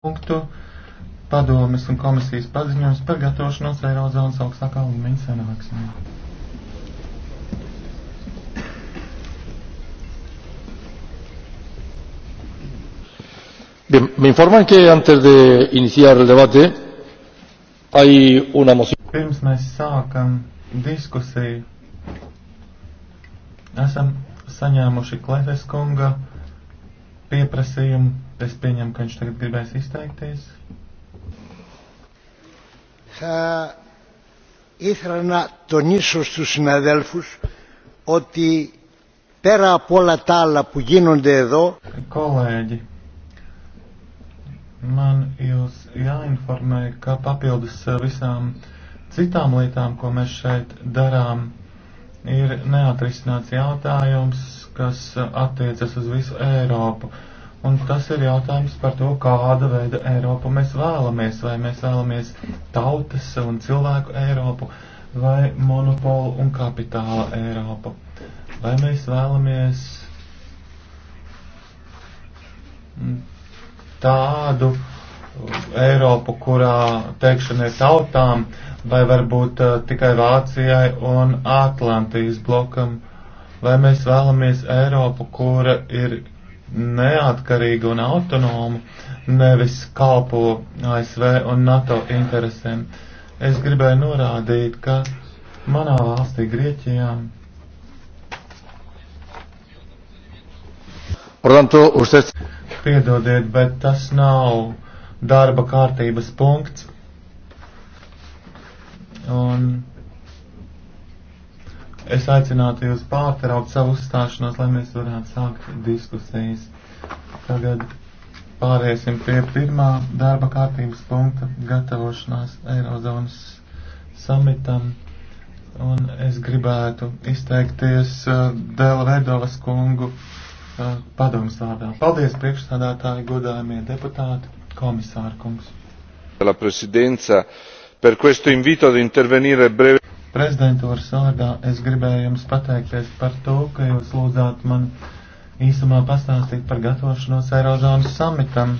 punktu padomes un komisijas paziņojums par gatavošanos Eirozonas augstākā līmeņa sanāksmē. Bien, me informan que antes de iniciar el debate hay una moción. Pirms mēs sākam diskusiju, esam saņēmuši Klefes kunga pieprasījumu Es pieņemu, ka viņš tagad gribēs izteikties. Θα ήθελα να τονίσω στους συναδέλφους ότι πέρα από όλα τα άλλα που γίνονται εδώ Κολέγι, man jūs jāinformē, ka papildus visām citām lietām, ko mēs šeit darām, ir neatrisināts jautājums, kas attiecas uz visu Eiropu. Uh, Un tas ir jautājums par to, kāda veida Eiropu mēs vēlamies. Vai mēs vēlamies tautas un cilvēku Eiropu, vai monopolu un kapitāla Eiropu? Vai mēs vēlamies tādu Eiropu, kurā teikšana ir tautām, vai varbūt uh, tikai Vācijai un Atlantijas blokam? Vai mēs vēlamies Eiropu, kura ir neatkarīga un autonoma, nevis kalpo ASV un NATO interesēm. Es gribēju norādīt, ka manā valstī Grieķijā. Piedodiet, bet tas nav darba kārtības punkts. Un Es aicinātu jūs pārtraukt savu uzstāšanos, lai mēs varētu sākt diskusijas. Tagad pāriesim pie pirmā darba kārtības punkta gatavošanās Eirozonas samitam. Un es gribētu izteikties uh, Dēla Vedovas kungu uh, padomus vārdā. Paldies priekšstādātāji, godājumie deputāti, komisāra kungs. La presidenza per questo invito ad intervenire breve prezidentūras vārdā es gribēju jums pateikties par to, ka jūs lūdzāt man īsumā pastāstīt par gatavošanos Eirozonas samitam.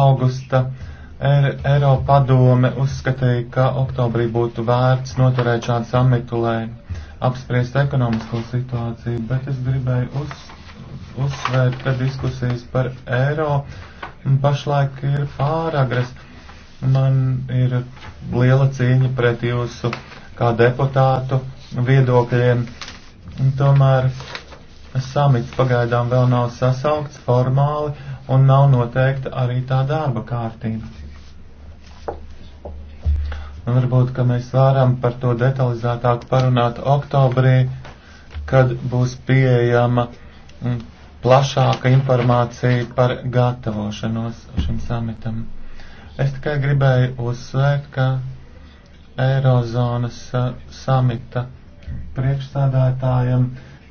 Augusta Eiropa padome uzskatīja, ka oktobrī būtu vērts noturēt šādu samitu, lai apspriest ekonomisko situāciju, bet es gribēju uz, uzsvērt, ka diskusijas par eiro pašlaik ir pāragres. Man ir liela cieņa pret jūsu kā deputātu viedokļiem. Tomēr samits pagaidām vēl nav sasaukts formāli un nav noteikta arī tā darba kārtība. Un varbūt, ka mēs varam par to detalizētāk parunāt oktobrī, kad būs pieejama mm, plašāka informācija par gatavošanos šim samitam. Es tikai gribēju uzsvērt, ka Eirozonas samita priekšsādātājiem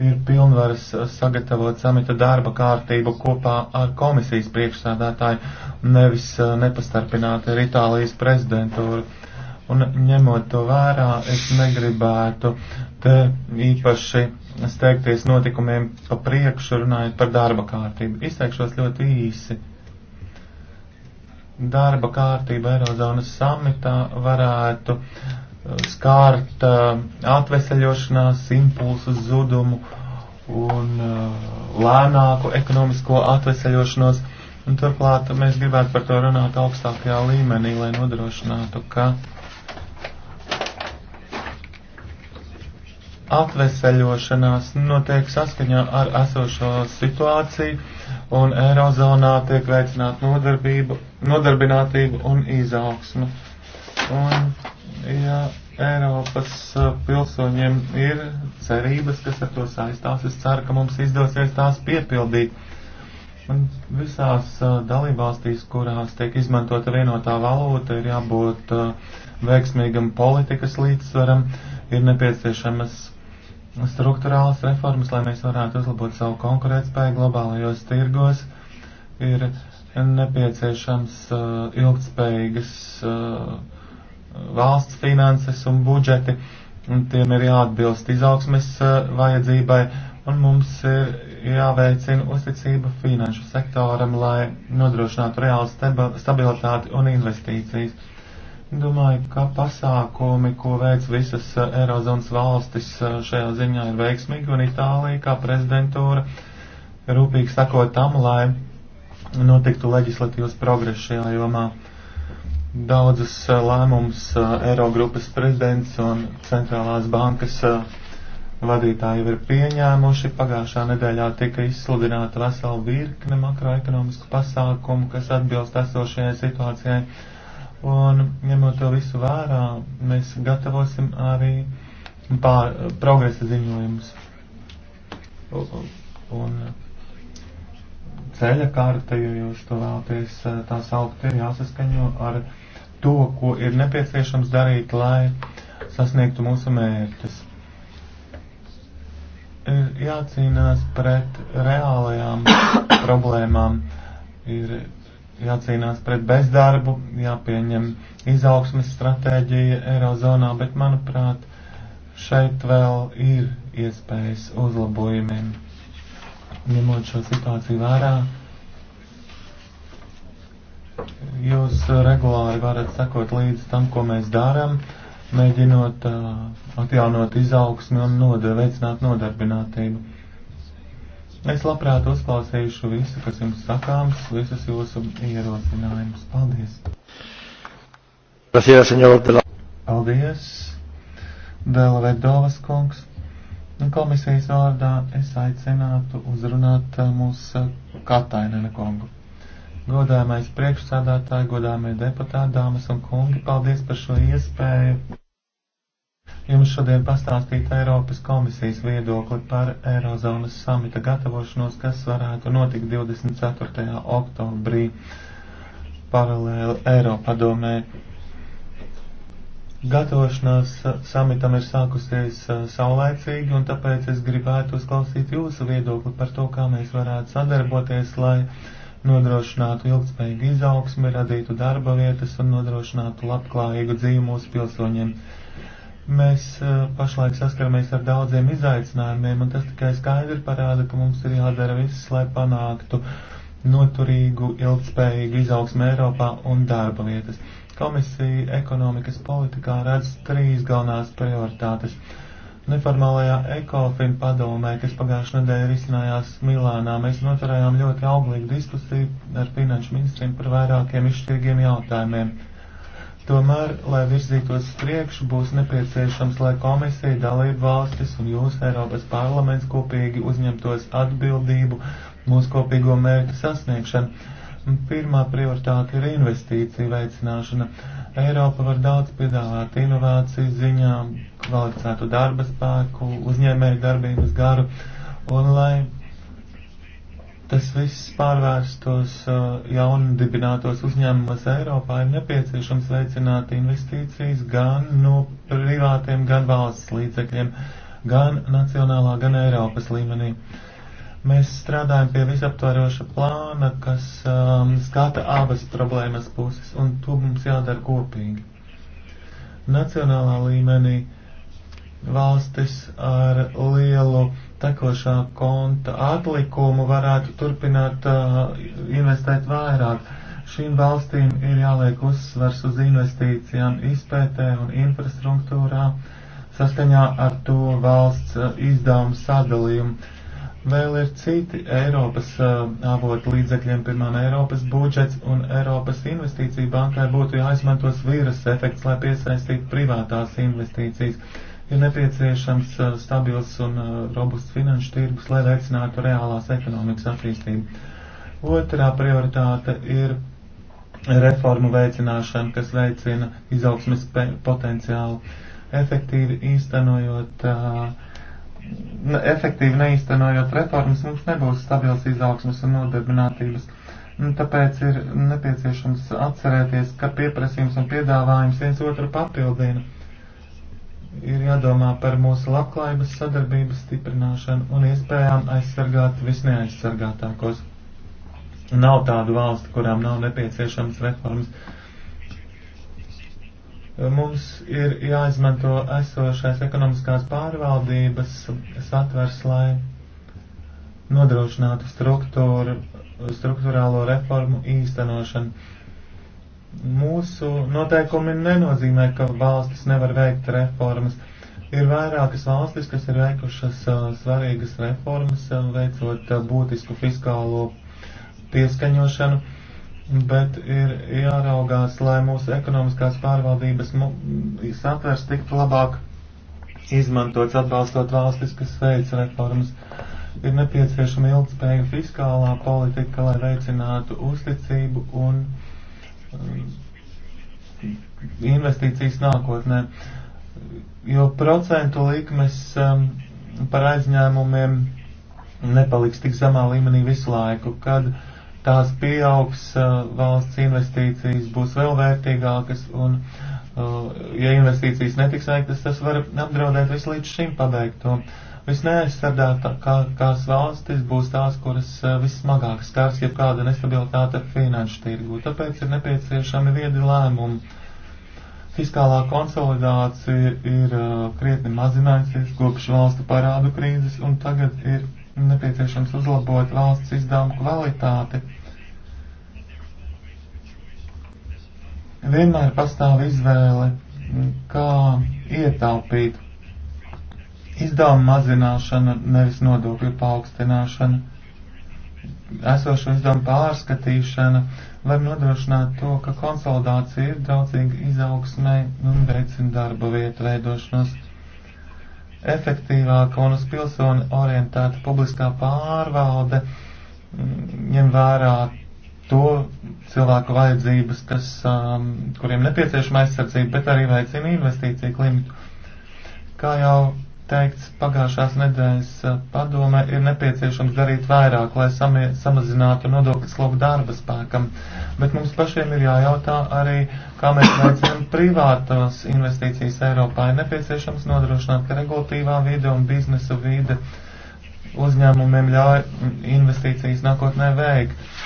ir pilnvaras sagatavot samita darba kārtību kopā ar komisijas priekšsādātāju, nevis nepastarpināti ar Itālijas prezidentūru. Un ņemot to vērā, es negribētu te īpaši steigties notikumiem pa priekšu runājot par darba kārtību. Izteikšos ļoti īsi darba kārtība Eirozonas samitā varētu uh, skārt uh, atveseļošanās impulsu zudumu un uh, lēnāku ekonomisko atveseļošanos. Un turklāt mēs gribētu par to runāt augstākajā līmenī, lai nodrošinātu, ka atveseļošanās notiek saskaņā ar esošo situāciju un Eirozonā tiek veicināta nodarbinātība un izaugsme. Un, ja Eiropas pilsoņiem ir cerības, kas ar to saistās, es ceru, ka mums izdosies tās piepildīt. Un visās dalībvalstīs, kurās tiek izmantota vienotā valūta, ir jābūt veiksmīgam politikas līdzsvaram, ir nepieciešamas strukturālas reformas, lai mēs varētu uzlabot savu konkurētspēju globālajos tirgos, ir nepieciešams uh, ilgtspējīgas uh, valsts finanses un budžeti, un tiem ir jāatbilst izaugsmes uh, vajadzībai, un mums ir jāveicina uzticība finanšu sektoram, lai nodrošinātu reālu stabilitāti un investīcijas Domāju, ka pasākumi, ko veic visas eh, Eirozonas valstis eh, šajā ziņā ir veiksmīgi, un Itālija kā prezidentūra rūpīgi sako tam, lai notiktu leģislatīvas progress šajā jomā. Daudzas eh, lēmumus Eirogrupas prezidents un centrālās bankas vadītāji jau ir pieņēmuši. Pagājušā nedēļā tika izsludināta vesela virkne makroekonomisku pasākumu, kas atbilst esošajai situācijai Un, ņemot to visu vērā, mēs gatavosim arī pār, progresa ziņojumus. Un, un ceļa kārta, jo jūs to vēlaties tā saukt, ir jāsaskaņo ar to, ko ir nepieciešams darīt, lai sasniegtu mūsu mērķus. Ir jācīnās pret reālajām problēmām. Ir jācīnās pret bezdarbu, jāpieņem izaugsmes stratēģija Eirozonā, bet, manuprāt, šeit vēl ir iespējas uzlabojumiem. Ņemot šo situāciju vērā, jūs regulāri varat sakot līdz tam, ko mēs darām, mēģinot uh, atjaunot izaugsmi un node, veicināt nodarbinātību Es labprāt uzklausīšu visu, kas jums sakāms, visus jūsu ierosinājumus. Paldies! Gracias, señor. Paldies, Dela Vedovas kungs. Komisijas vārdā es aicinātu uzrunāt mūsu eh, Katainena kungu. Godājumais priekšsādātāji, godājumie deputāti, dāmas un kungi, paldies par šo iespēju jums šodien pastāstīt Eiropas komisijas viedokli par Eirozonas samita gatavošanos, kas varētu notikt 24. oktobrī paralēli Eiropadomē. Gatavošanās samitam ir sākusies eh, saulēcīgi, un tāpēc es gribētu uzklausīt jūsu viedokli par to, kā mēs varētu sadarboties, lai nodrošinātu ilgspējīgu izaugsmi, radītu darba vietas un nodrošinātu labklājīgu dzīvi mūsu pilsoņiem. Mēs eh, pašlaik saskaramies ar daudziem izaicinājumiem, un tas tikai skaidri parāda, ka mums ir jādara viss, lai panāktu noturīgu, ilgspējīgu izaugsmu Eiropā un darba vietas. Komisija ekonomikas politikā redz trīs galvenās prioritātes. Neformālajā ECOFIN padomē, kas pagājušajā nedēļā risinājās Milānā, mēs noturējām ļoti auglīgu diskusiju ar finanšu ministriem par vairākiem izšķirīgiem jautājumiem. Tomēr, lai virzītos priekšu, būs nepieciešams, lai komisija, dalību valstis un jūs, Eiropas parlaments, kopīgi uzņemtos atbildību mūsu kopīgo mērķu sasniegšanu. Pirmā prioritāte ir investīcija veicināšana. Eiropa var daudz piedāvāt inovāciju ziņā, kvalificētu darba spēku, uzņēmēju darbības garu, un lai Tas viss pārvērstos uh, jaunu dibinātos uzņēmumos Eiropā ir nepieciešams veicināt investīcijas gan no privātiem, gan valsts līdzekļiem, gan nacionālā, gan Eiropas līmenī. Mēs strādājam pie visaptvaroša plāna, kas um, skata abas problēmas puses, un to mums jādara kopīgi. Nacionālā līmenī valstis ar lielu tekošā konta atlikumu varētu turpināt uh, investēt vairāk. Šīm valstīm ir jāliek uzsvers uz investīcijām izpētē un infrastruktūrā saskaņā ar to valsts uh, izdevumu sadalījumu. Vēl ir citi Eiropas uh, avotu līdzekļiem, piemēram, Eiropas budžets un Eiropas investīcija bankai būtu jāizmanto svīras efekts, lai piesaistītu privātās investīcijas ir nepieciešams eh, stabils un eh, robusts finanšu tirgus, lai veicinātu reālās ekonomikas attīstību. Otrā prioritāte ir reformu veicināšana, kas veicina izaugsmes potenciālu, efektīvi īstenojot uh, efektīvi neiztenojot reformas, mums nebūs stabils izaugsmas un nodarbinātības. Tāpēc ir nepieciešams atcerēties, ka pieprasījums un piedāvājums viens otru papildina ir jādomā par mūsu labklājības sadarbības stiprināšanu un iespējām aizsargāt visneaizsargātākos. Nav tādu valstu, kurām nav nepieciešams reformas. Mums ir jāizmanto esošais ekonomiskās pārvaldības satvers, lai nodrošinātu struktūru, struktūrālo reformu īstenošanu Mūsu noteikumi nenozīmē, ka valstis nevar veikt reformas. Ir vairākas valstis, kas ir veikušas uh, svarīgas reformas, uh, veicot uh, būtisku fiskālo pieskaņošanu, bet ir jāraugās, lai mūsu ekonomiskās pārvaldības satvers tiktu labāk izmantots atbalstot valstis, kas veic reformas. Ir nepieciešama ilgspējīga fiskālā politika, lai veicinātu uzticību un Um, investīcijas nākotnē, jo procentu likmes um, par aizņēmumiem nepaliks tik zemā līmenī visu laiku, kad tās pieaugs, uh, valsts investīcijas būs vēl vērtīgākas un, uh, ja investīcijas netiks veiktas, tas var apdraudēt visu līdz šim pabeigto. To Visneaizsargātākās valstis būs tās, kuras eh, vissmagāk skārs jebkāda nestabilitāte finanšu tirgu, tāpēc ir nepieciešami viedi lēmumi. Fiskālā konsolidācija ir uh, krietni mazinājusies kopš valstu parādu krīzes, un tagad ir nepieciešams uzlabot valsts izdevumu kvalitāti. Vienmēr pastāv izvēle, mm, kā ietaupīt izdevuma mazināšana, nevis nodokļu paaugstināšana. Esošo izdevumu pārskatīšana var nodrošināt to, ka konsolidācija ir draudzīga izaugsmai un veicina darba vietu veidošanos. Efektīvāka un uz pilsoni orientēta publiskā pārvalde mm, ņem vērā to cilvēku vajadzības, kas, um, kuriem nepieciešama aizsardzība, bet arī veicina investīciju klimatu. Kā jau teikts pagājušās nedēļas eh, padomē, ir nepieciešams darīt vairāk, lai samie, samazinātu nodokļu slogu darba spēkam. Bet mums pašiem ir jājautā arī, kā mēs veicinām privātās investīcijas Eiropā. Ir nepieciešams nodrošināt, ka regulatīvā vide un biznesu vide uzņēmumiem ļauj investīcijas nākotnē veikt,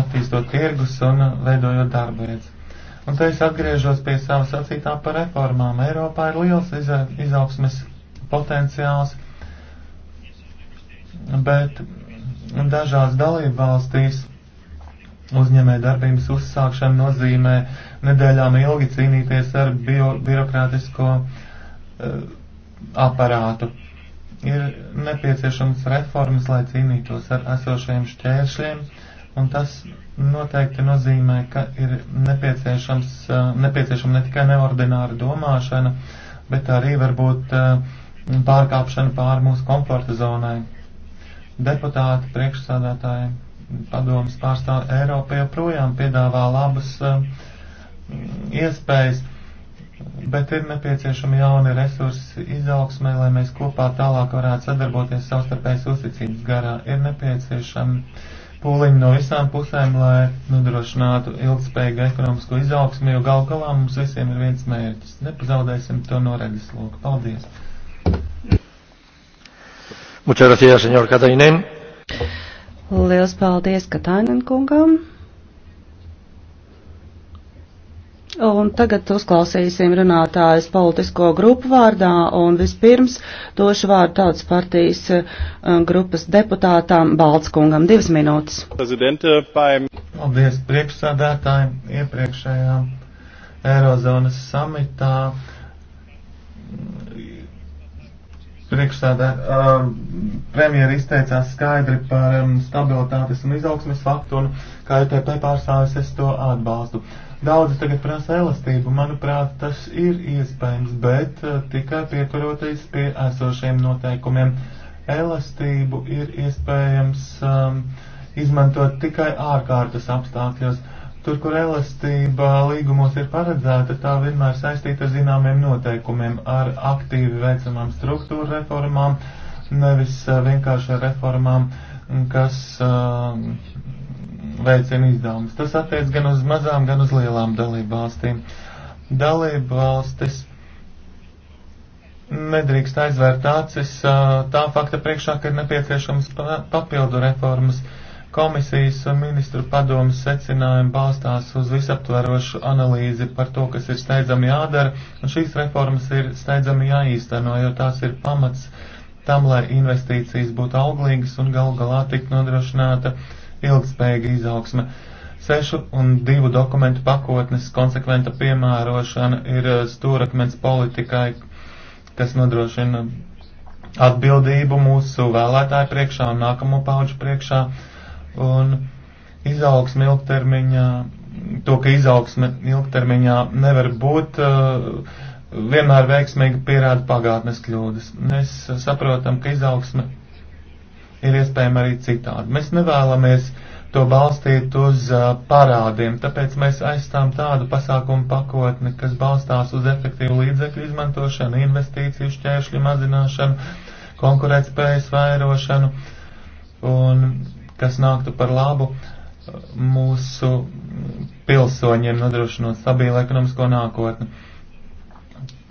attīstot tirgus un veidojot darba vietas. Un te es atgriežos pie sava sacītā par reformām. Eiropā ir liels izaugsmes potenciāls, bet dažās dalībvalstīs uzņēmē darbības uzsākšana nozīmē nedēļām ilgi cīnīties ar bio, birokrātisko uh, aparātu. Ir nepieciešams reformas, lai cīnītos ar esošajiem šķēršļiem, un tas noteikti nozīmē, ka ir nepieciešams, uh, nepieciešama ne tikai neordināra domāšana, bet arī varbūt uh, pārkāpšana pāri mūsu komforta zonai. Deputāti, priekšsādātāji, padomas pārstāvi Eiropa joprojām piedāvā labas uh, iespējas, bet ir nepieciešami jauni resursi izaugsmai, lai mēs kopā tālāk varētu sadarboties savstarpējas uzticības garā. Ir nepieciešami pūliņi no visām pusēm, lai nodrošinātu ilgspējīgu ekonomisko izaugsmu, jo gal galā mums visiem ir viens mērķis. Nepazaudēsim to no redzes loka. Paldies! Muchas gracias, señor Katainen. Liels paldies Katainen kungam. Un tagad uzklausīsim runātājus politisko grupu vārdā un vispirms došu vārdu tautas partijas eh, grupas deputātām Balckungam. Divas minūtes. Paldies priekšsādātājiem iepriekšējā Eirozonas samitā Priekšsādā uh, um, premjera izteicās skaidri par um, stabilitātes un izaugsmes faktu, un kā ETP pārstāvis es to atbalstu. Daudzi tagad prasa elastību, manuprāt, tas ir iespējams, bet uh, tikai pieturoties pie esošiem noteikumiem. Elastību ir iespējams um, izmantot tikai ārkārtas apstākļos. Uh, Tur, kur elastība līgumos ir paredzēta, tā vienmēr saistīta ar zināmiem noteikumiem, ar aktīvi veicamām struktūra reformām, nevis eh, vienkārši ar reformām, kas uh, veicina izdevumus. Tas attiec gan uz mazām, gan uz lielām dalību valstīm. Dalību valstis nedrīkst aizvērt acis uh, tā fakta priekšā, ka ir nepieciešams papildu reformas. Uh, Komisijas un ministru padomas secinājumi balstās uz visaptverošu analīzi par to, kas ir steidzami jādara, un šīs reformas ir steidzami jāīsteno, jo tās ir pamats tam, lai investīcijas būtu auglīgas un gal galā tik nodrošināta ilgspējīga izaugsme. Sešu un divu dokumentu pakotnes konsekventa piemērošana ir eh, stūrakmens politikai, kas nodrošina atbildību mūsu vēlētāju priekšā un nākamo pauģu priekšā un izaugsme ilgtermiņā, to, ka izaugsme ilgtermiņā nevar būt, uh, vienmēr veiksmīgi pierāda pagātnes kļūdas. Mēs saprotam, ka izaugsme ir iespējama arī citādi. Mēs nevēlamies to balstīt uz uh, parādiem, tāpēc mēs aizstām tādu pasākumu pakotni, kas balstās uz efektīvu līdzekļu izmantošanu, investīciju šķēršļu mazināšanu, konkurētspējas vairošanu. Un kas nāktu par labu uh, mūsu pilsoņiem, nodrošinot stabilu ekonomisko nākotni.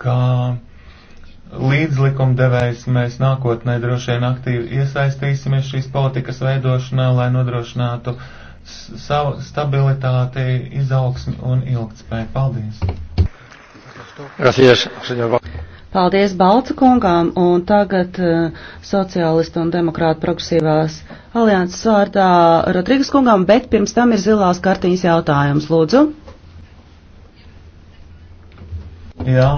Kā līdzlikumdevējs mēs nākotnē droši vien aktīvi iesaistīsimies šīs politikas veidošanā, lai nodrošinātu savu stabilitāti, izaugsmi un ilgtspēju. Paldies! Gracias, señor. Paldies Balca kungām un tagad uh, sociālistu un demokrātu progresīvās alianses vārdā Rodrīgas kungām, bet pirms tam ir zilās kartiņas jautājums. Lūdzu. Jā.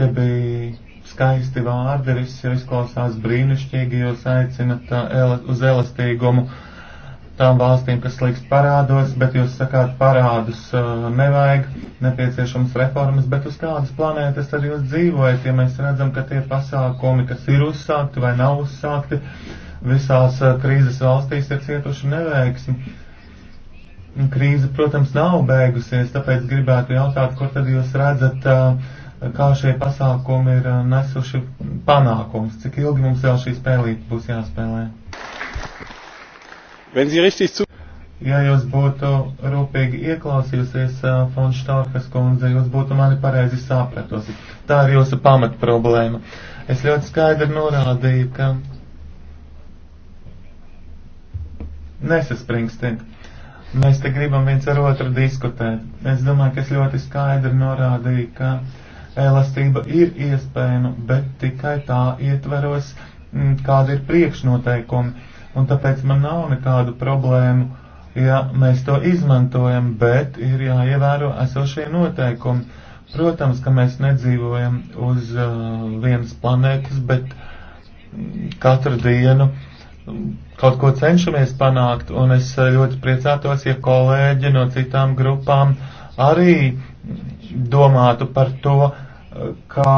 Te bija skaisti vārdi, viss jau izklausās brīnišķīgi, jūs aicinat uh, uz elastīgumu. Uh, tām valstīm, kas slikst parādos, bet jūs sakāt, parādus uh, nevajag, nepieciešams reformas, bet uz kādas planētas tad jūs dzīvojat, ja mēs redzam, ka tie pasākumi, kas ir uzsākti vai nav uzsākti, visās uh, krīzes valstīs ir cietuši neveiksmi. Krīze, protams, nav beigusies, tāpēc gribētu jautāt, kur tad jūs redzat, uh, kā šie pasākumi ir uh, nesuši panākums, cik ilgi mums vēl šī spēlīte būs jāspēlē. Wenn Sie richtig zu Ja jūs būtu rūpīgi ieklausījusies uh, Fonš Štārkas kundze, jūs būtu mani pareizi sapratusi. Tā ir jūsu pamat problēma. Es ļoti skaidri norādīju, ka nesaspringstiet. Mēs te gribam viens ar otru diskutēt. Es domāju, ka es ļoti skaidri norādīju, ka elastība ir iespējama, bet tikai tā ietveros, mm, kāda ir priekšnoteikumi un tāpēc man nav nekādu problēmu, ja mēs to izmantojam, bet ir jāievēro esošie noteikumi. Protams, ka mēs nedzīvojam uz uh, vienas planētas, bet mm, katru dienu kaut ko cenšamies panākt, un es uh, ļoti priecātos, ja kolēģi no citām grupām arī domātu par to, uh, kā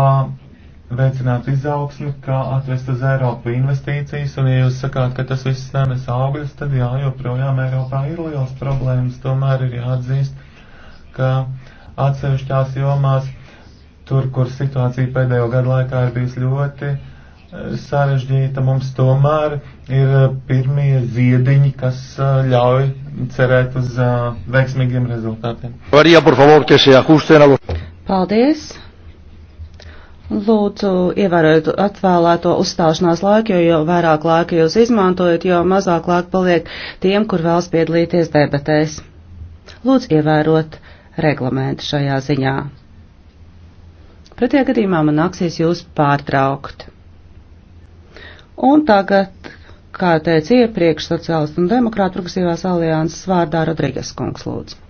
veicināt izaugsmi, kā atvest uz Eiropu investīcijas, un ja jūs sakāt, ka tas viss nenes augļus, tad jā, joprojām Eiropā ir liels problēmas, tomēr ir jāatzīst, ka atsevišķās jomās, tur, kur situācija pēdējo gadu laikā ir bijusi ļoti e, sarežģīta, mums tomēr ir e, pirmie ziediņi, kas e, ļauj cerēt uz veiksmīgiem rezultātiem. Paldies! Lūdzu, ievērojiet atvēlēto uzstāšanās laiku, jo, jo vairāk laika jūs izmantojat, jo mazāk laika paliek tiem, kur vēlas piedalīties debatēs. Lūdzu, ievērot reglamentu šajā ziņā. Pretie gadījumā man nāksies jūs pārtraukt. Un tagad, kā teica iepriekš, sociālistu un demokrātu progresīvās alianses vārdā Rodrigas kungs lūdzu.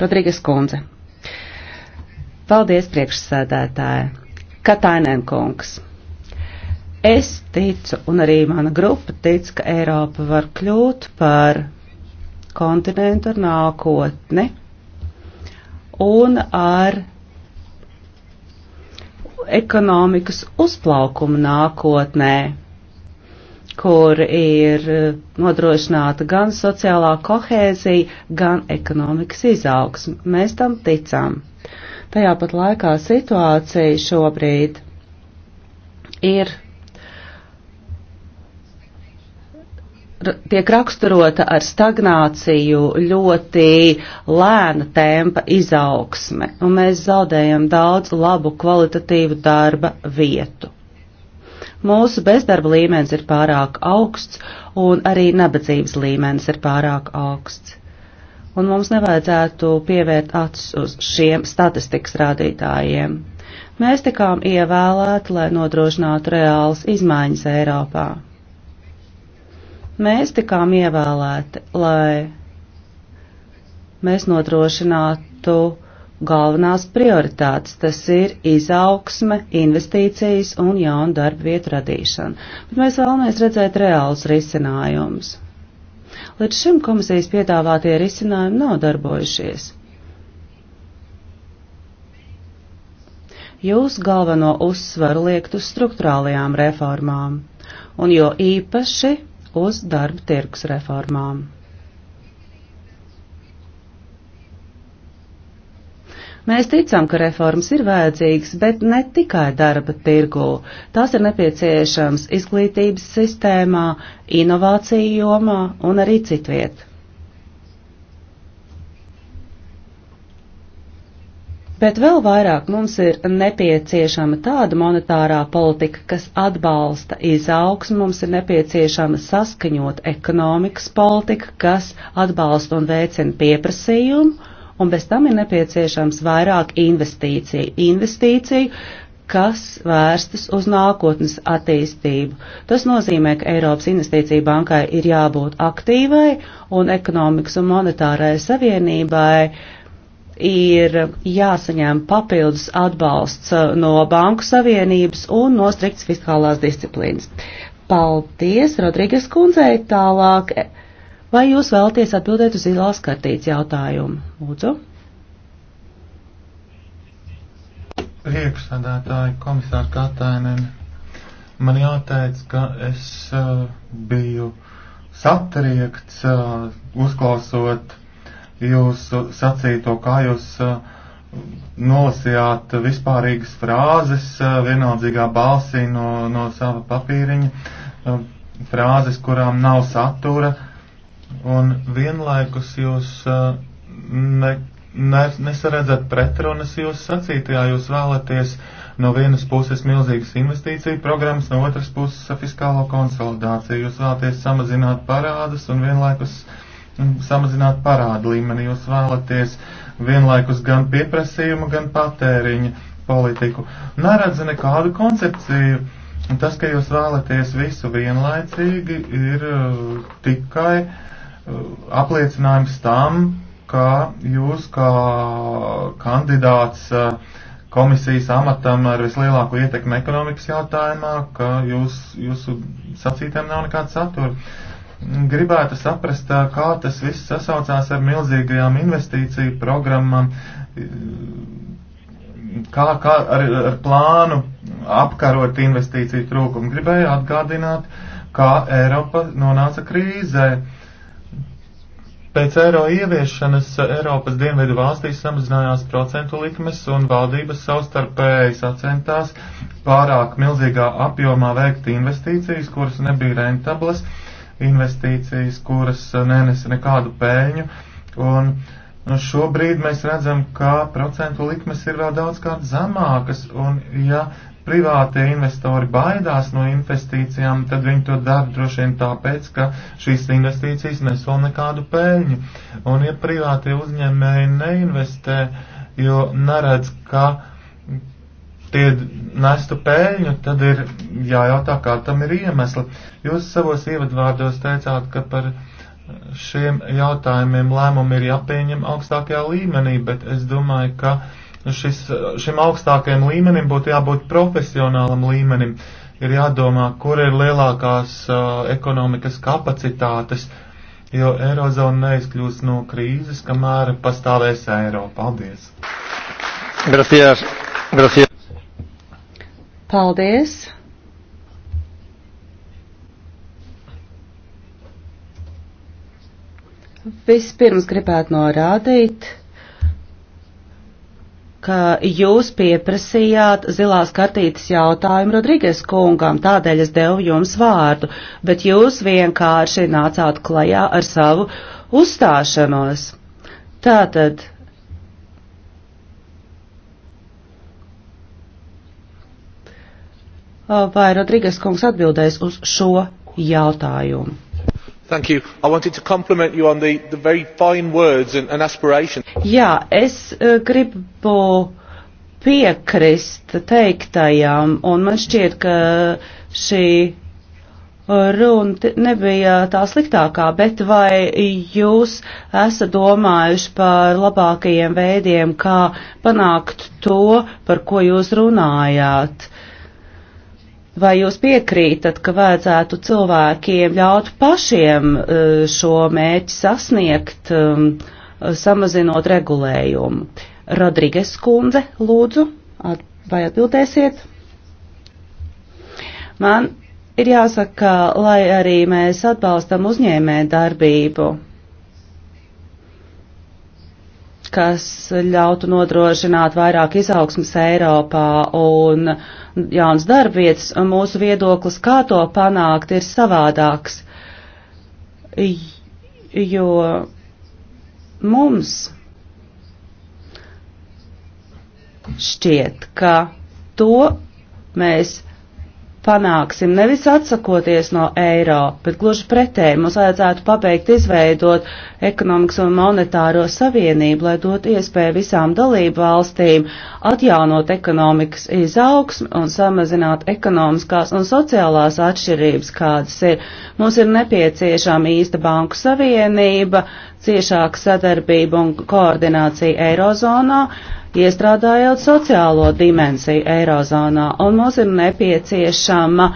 Rodrīgas kundze. Paldies, priekšsēdētāja. Katainēn kungs. Es ticu, un arī mana grupa tic, ka Eiropa var kļūt par kontinentu ar nākotni un ar ekonomikas uzplaukumu nākotnē kur ir eh, nodrošināta gan sociālā kohēzija, gan ekonomikas izaugsme. Mēs tam ticam. Tajā pat laikā situācija šobrīd ir tiek raksturota ar stagnāciju, ļoti lēna tempa izaugsme, un mēs zaudējam daudz labu kvalitatīvu darba vietu. Mūsu bezdarba līmenis ir pārāk augsts, un arī nabadzības līmenis ir pārāk augsts. Un mums nevajadzētu pievērt acis uz šiem statistikas rādītājiem. Mēs tikām ievēlēti, lai nodrošinātu reālas izmaiņas Eiropā. Mēs tikām ievēlēti, lai mēs nodrošinātu galvenās prioritātes. Tas ir izaugsme, investīcijas un jaunu darba vietu radīšana. Bet mēs vēlamies redzēt reāls risinājums. Līdz šim komisijas piedāvātie risinājumi nav darbojušies. Jūs galveno uzsvaru liekat uz struktūrālajām reformām, un jo īpaši uz darba tirgus reformām. Mēs ticam, ka reformas ir vajadzīgas, bet ne tikai darba tirgū. Tās ir nepieciešams izglītības sistēmā, inovāciju jomā un arī citviet. Bet vēl vairāk mums ir nepieciešama tāda monetārā politika, kas atbalsta izaugsmu, mums ir nepieciešama saskaņot ekonomikas politika, kas atbalsta un veicina pieprasījumu un bez tam ir nepieciešams vairāk investīciju. Investīciju, kas vērstas uz nākotnes attīstību. Tas nozīmē, ka Eiropas investīcija bankai ir jābūt aktīvai un ekonomikas un monetārai savienībai ir jāsaņem papildus atbalsts uh, no Banku Savienības un no strikts fiskālās disciplīnas. Paldies, Rodrīgas kundzei, tālāk Vai jūs vēlaties atbildēt uz zilās kartītes jautājumu? Lūdzu. Priekšsādātāji komisāri Katainen, man jāteic, ka es uh, biju satriekts uh, uzklausot jūsu sacīto, kā jūs uh, nolasījāt vispārīgas frāzes uh, vienaldzīgā balsī no, no sava papīriņa, uh, frāzes, kurām nav satura. Uh, un vienlaikus jūs uh, ne, ne, nesaredzat pretrunas jūs sacītajā, jūs vēlaties no vienas puses milzīgas investīciju programmas, no otras puses fiskālo konsolidāciju, jūs vēlaties samazināt parādus un vienlaikus mm, samazināt parādu līmeni, jūs vēlaties vienlaikus gan pieprasījumu, gan patēriņa politiku. Neredzu nekādu koncepciju. Tas, ka jūs vēlaties visu vienlaicīgi, ir uh, tikai uh, apliecinājums tam, ka jūs kā kandidāts e, komisijas amatam ar vislielāko ietekmi ekonomikas jautājumā, ka jūs, jūsu sacītēm nav nekāds satura. Gribētu saprast, e, kā tas viss sasaucās ar milzīgajām investīciju programmām, kā, kā ar, ar plānu apkarot investīciju trūkumu. Gribēju atgādināt, kā Eiropa nonāca krīzē Pēc eiro ieviešanas Eiropas dienvedu valstīs samazinājās procentu likmes un valdības savstarpēji sacentās pārāk milzīgā apjomā veikt investīcijas, kuras nebija rentablas, investīcijas, kuras nenesa nekādu pēļņu. Un nu, šobrīd mēs redzam, ka procentu likmes ir vēl daudz kārt zemākas, un ja privātie investori baidās no investīcijām, tad viņi to dara droši vien tāpēc, ka šīs investīcijas nesol nekādu peļņu. Un ja privātie uzņēmēji neinvestē, jo neredz, ka tie nestu peļņu, tad ir jājautā, kā tam ir iemesli. Jūs savos ievadvārdos teicāt, ka par šiem jautājumiem lēmumi ir jāpieņem augstākajā līmenī, bet es domāju, ka Nu, šis, šim augstākajam līmenim būtu jābūt profesionālam līmenim. Ir jādomā, kur ir lielākās uh, ekonomikas kapacitātes, jo Eirozona neizkļūs no krīzes, kamēr pastāvēs eiro. Paldies! Gracias. Gracias. Paldies! Vispirms gribētu norādīt, ka jūs pieprasījāt zilās kartītes jautājumu Rodrīgas kungam, tādēļ es devu jums vārdu, bet jūs vienkārši nācāt klajā ar savu uzstāšanos. Tātad. Vai Rodrīgas kungs atbildēs uz šo jautājumu? Jā, es eh, gribu piekrist teiktajām, un man šķiet, ka šī runa nebija tā sliktākā, bet vai jūs esat domājuši par labākajiem veidiem, kā panākt to, par ko jūs runājāt? Vai jūs piekrītat, ka vajadzētu cilvēkiem ļaut pašiem eh, šo mērķi sasniegt, um, samazinot regulējumu? Rodrīgas kundze, lūdzu, vai atbildēsiet? Man ir jāsaka, lai arī mēs atbalstam uzņēmē darbību kas ļautu nodrošināt vairāk izaugsmas Eiropā un jauns darbvietas, un mūsu viedoklis, kā to panākt, ir savādāks, jo mums šķiet, ka to mēs panāksim nevis atsakoties no eiro, bet gluži pretēji mums vajadzētu pabeigt izveidot ekonomikas un monetāro savienību, lai dot iespēju visām dalību valstīm atjaunot ekonomikas izaugsmi un samazināt ekonomiskās un sociālās atšķirības, kādas ir. Mums ir nepieciešama īsta banku savienība, ciešāka sadarbība un koordinācija Eirozonā, iestrādājot sociālo dimensiju Eirozonā, un mums ir nepieciešama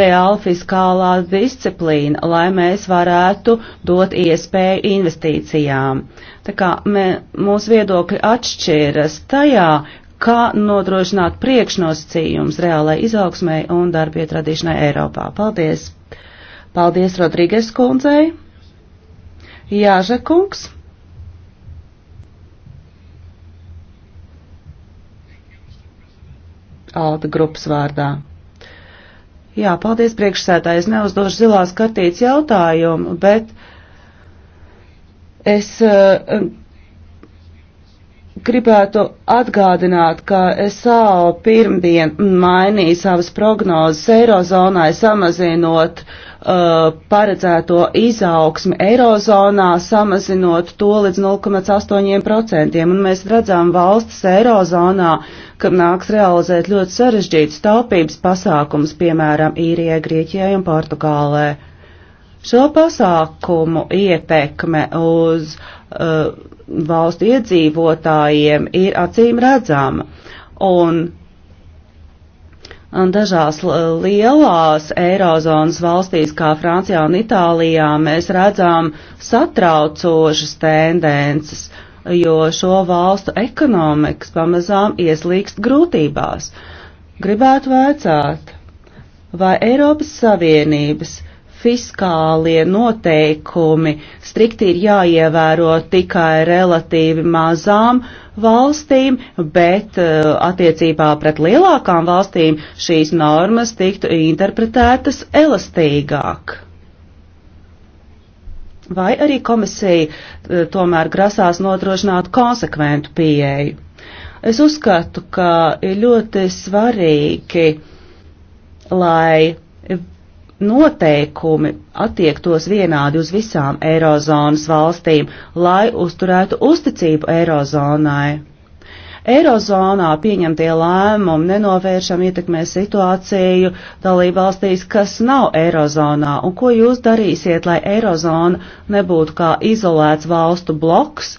reāla fiskālā disciplīna, lai mēs varētu dot iespēju investīcijām. Tā kā mē, mūsu viedokļi atšķiras tajā, kā nodrošināt priekšnosacījums reālai izaugsmai un darbietu radīšanai Eiropā. Paldies! Paldies Rodrīgas kundzei! Jāža kungs! Alta grupas vārdā. Jā, paldies priekšsētājs, neuzdošu zilās kartītes jautājumu, bet es uh, gribētu atgādināt, ka SAO pirmdien mainīja savas prognozes Eirozonai, samazinot uh, paredzēto izaugsmi Eirozonā, samazinot to līdz 0,8%. Un mēs redzam valstis Eirozonā, kam nāks realizēt ļoti sarežģītus taupības pasākumus, piemēram, Īrijai, Grieķijai un Portugālē. Šo pasākumu ietekme uz uh, valstu iedzīvotājiem ir acīm redzama. Un, un dažās lielās eirozonas valstīs, kā Francijā un Itālijā, mēs redzam satraucošas tendences, jo šo valstu ekonomikas pamazām ieslīgst grūtībās. Gribētu vēcāt, vai Eiropas Savienības fiskālie noteikumi strikti ir jāievēro tikai relatīvi mazām valstīm, bet eh, attiecībā pret lielākām valstīm šīs normas tiktu interpretētas elastīgāk. Vai arī komisija eh, tomēr grasās nodrošināt konsekventu pieeju? Es uzskatu, ka ir ļoti svarīgi, lai noteikumi attiektos vienādi uz visām Eirozonas valstīm, lai uzturētu uzticību Eirozonai. Eirozonā pieņemtie lēmumi nenovēršam ietekmē situāciju dalībvalstīs, kas nav Eirozonā, un ko jūs darīsiet, lai Eirozona nebūtu kā izolēts valstu bloks,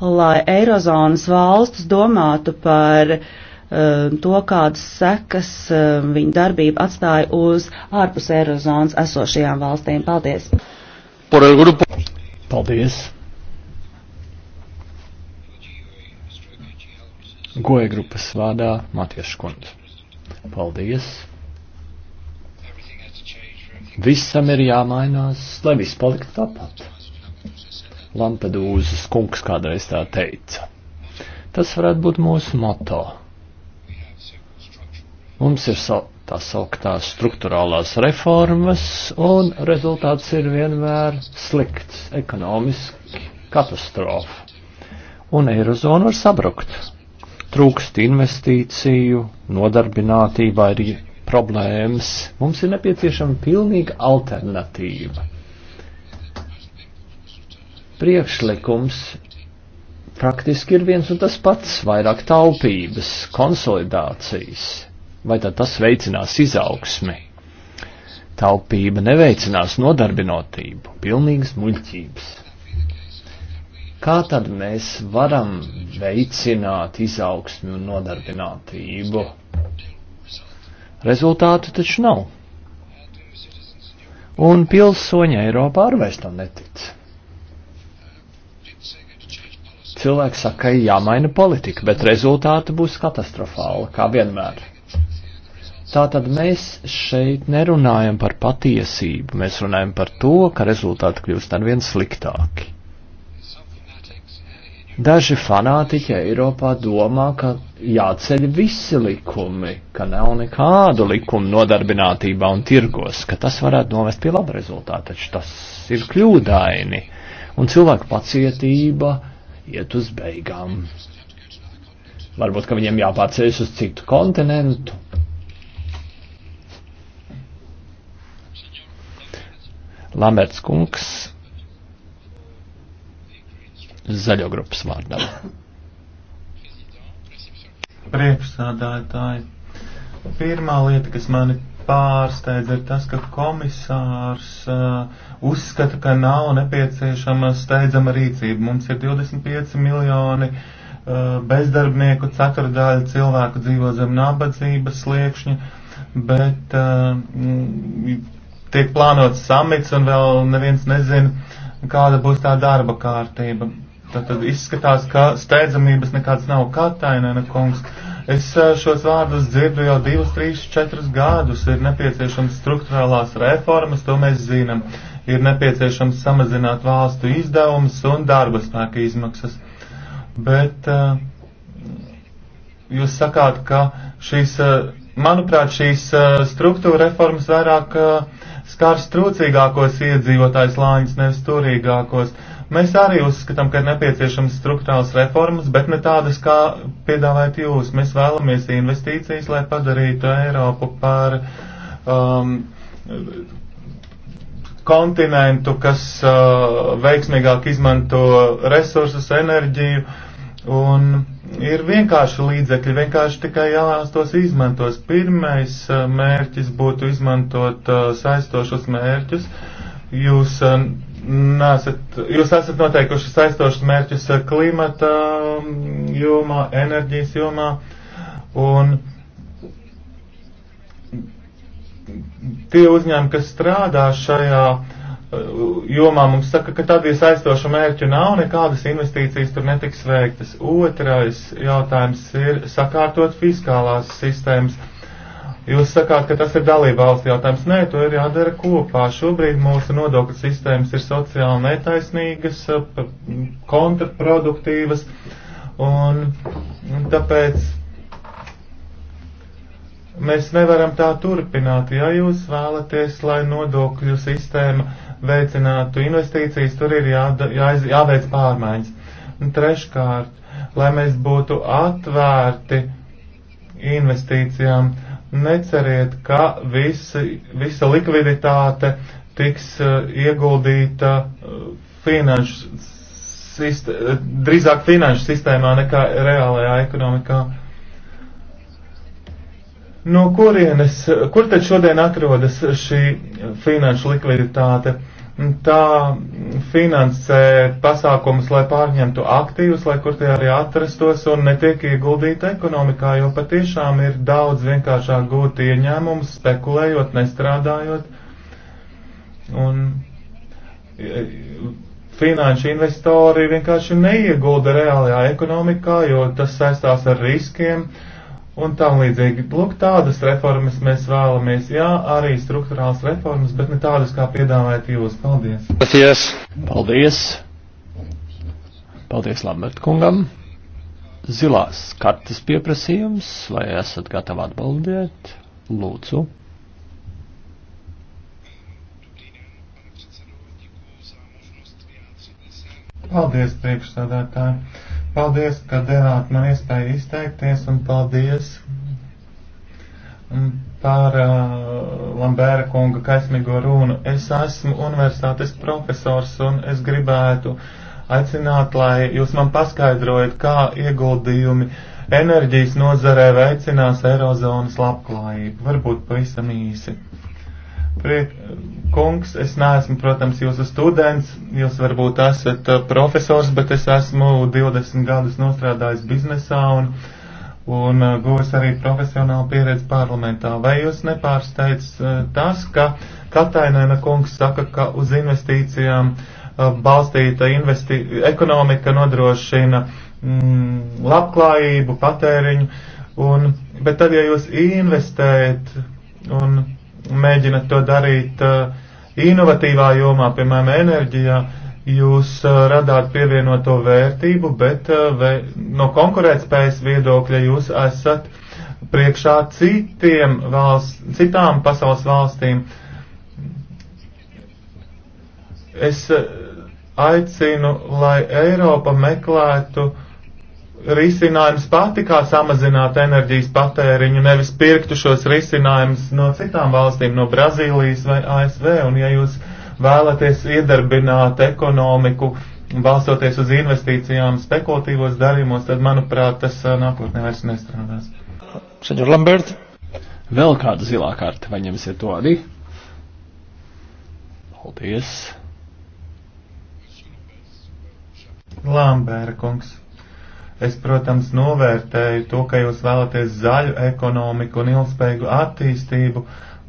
lai Eirozonas valstis domātu par uh, Um, to, kādas sekas um, viņa darbība atstāja uz ārpus Eirozonas esošajām valstīm. Paldies! Paldies! Goja grupas vārdā Matieša Škundze. Paldies! Visam ir jāmainās, lai viss paliktu tāpat. Lampedūzas kungs kādreiz tā teica. Tas varētu būt mūsu moto Mums ir tā sauktās struktūrālās reformas, un rezultāts ir vienmēr slikts, ekonomiski katastrofa. Un eirozona var sabrukt. Trūkst investīciju, nodarbinātībā ir problēmas. Mums ir nepieciešama pilnīga alternatīva. Priekšlikums praktiski ir viens un tas pats - vairāk taupības, konsolidācijas vai tad tas veicinās izaugsmi? Taupība neveicinās nodarbinotību, pilnīgas muļķības. Kā tad mēs varam veicināt izaugsmi un nodarbinātību? Rezultātu taču nav. Un pilsoņi Eiropā arī vairs tam netic. Cilvēki saka, ka jāmaina politika, bet rezultāti būs katastrofāli, kā vienmēr. Tātad mēs šeit nerunājam par patiesību, mēs runājam par to, ka rezultāti kļūst arvien sliktāki. Daži fanātiķi Eiropā domā, ka jāceļ visi likumi, ka nav nekādu likumu nodarbinātībā un tirgos, ka tas varētu novest pie laba rezultāta, taču tas ir kļūdaini, un cilvēku pacietība iet uz beigām. Varbūt, ka viņiem jāpārceļas uz citu kontinentu, Lamberts kungs zaļo grupas vārdā. Priekšsādātāji, pirmā lieta, kas mani pārsteidz, ir tas, ka komisārs uh, uzskata, ka nav nepieciešama steidzama rīcība. Mums ir 25 miljoni uh, bezdarbnieku, ceturdaļa cilvēku dzīvo zem nabadzības sliekšņa, bet uh, tiek plānots samits un vēl neviens nezina, kāda būs tā darba kārtība. Tad, tad izskatās, ka steidzamības nekāds nav Katainēna kungs. Es eh, šos vārdus dzirdu jau divus, trīs, četrus gadus. Ir nepieciešams struktūrālās reformas, to mēs zinām. Ir nepieciešams samazināt valstu izdevumus un darba spēka izmaksas. Bet uh, jūs sakāt, ka šīs, uh, manuprāt, šīs uh, struktūra reformas vairāk uh, skars trūcīgākos iedzīvotājs lāņus, nevis turīgākos. Mēs arī uzskatām, ka ir nepieciešams struktūrāls reformas, bet ne tādas, kā piedāvājat jūs. Mēs vēlamies investīcijas, lai padarītu Eiropu par um, kontinentu, kas uh, veiksmīgāk izmanto resursus, enerģiju un ir vienkārši līdzekļi, vienkārši tikai jālās tos izmantos. Pirmais eh, mērķis būtu izmantot eh, saistošus mērķus. Jūs, eh, nesat, jūs esat noteikuši saistošus mērķus klimata mm, jomā, enerģijas jomā un tie uzņēmumi, kas strādā šajā jomā mums saka, ka tad, ja saistošu mērķu nav, nekādas investīcijas tur netiks veiktas. Otrais jautājums ir sakārtot fiskālās sistēmas. Jūs sakāt, ka tas ir dalība valsts jautājums. Nē, to ir jādara kopā. Šobrīd mūsu nodokļu sistēmas ir sociāli netaisnīgas, kontraproduktīvas, un, un tāpēc mēs nevaram tā turpināt. Ja jūs vēlaties, lai nodokļu sistēma veicinātu investīcijas, tur ir jā, jā, jāveic pārmaiņas. Un treškārt, lai mēs būtu atvērti investīcijām, neceriet, ka visi, visa likviditāte tiks uh, ieguldīta uh, finanšu, sist, eh, drīzāk finanšu sistēmā nekā reālajā ekonomikā. Uh, No kurienes, kur tad šodien atrodas šī finanšu likviditāte? Tā finansē pasākumus, lai pārņemtu aktīvus, lai kur tie arī atrastos un netiek ieguldīta ekonomikā, jo patiešām ir daudz vienkāršāk gūt ieņēmumus, spekulējot, nestrādājot. Un e, finanšu investori vienkārši neiegulda reālajā ekonomikā, jo tas saistās ar riskiem. Uh, un tam līdzīgi. Lūk, tādas reformas mēs vēlamies. Jā, arī struktūrāls reformas, bet ne tādas, kā piedāvājat jūs. Paldies! Paldies! Paldies, Paldies Lambert kungam! Zilās kartas pieprasījums, vai esat gatavi atbildēt? Lūdzu! Paldies, priekšsādātāji! Paldies, ka devāt man iespēju izteikties un paldies par uh, Lambēra kunga kaismīgo runu. Es esmu universitātes profesors un es gribētu aicināt, lai jūs man paskaidrojat, kā ieguldījumi enerģijas nozarē veicinās Eirozonas labklājību. Varbūt pavisam īsi. Priek, kungs, es neesmu, protams, jūsu students, jūs varbūt esat uh, profesors, bet es esmu 20 gadus nostrādājis biznesā un, un uh, guvis arī profesionālu pieredzi parlamentā. Vai jūs nepārsteidz uh, tas, ka Katainēna kungs saka, ka uz investīcijām balstīta investi ekonomika nodrošina mm, labklājību, patēriņu, un, bet tad, ja jūs investējat un mēģinat to darīt uh, inovatīvā jomā, piemēram, enerģijā, jūs uh, radāt pievienoto vērtību, bet uh, vē, no konkurētspējas viedokļa jūs esat priekšā citiem valsts, citām pasaules valstīm. Es uh, aicinu, lai Eiropa meklētu uh, risinājums pati, kā samazināt enerģijas patēriņu, nevis pirktu šos risinājumus no citām valstīm, no Brazīlijas vai ASV. Un ja jūs vēlaties iedarbināt ekonomiku, balstoties uz investīcijām spekulatīvos darījumos, tad, manuprāt, tas uh, nākotnē vairs nestrādās. Senjor Lambert, vēl kāda zilā karta, vai ņemsiet to arī? Paldies. Lambēra kungs. Es, protams, novērtēju to, ka jūs vēlaties zaļu ekonomiku un ilgspējīgu attīstību,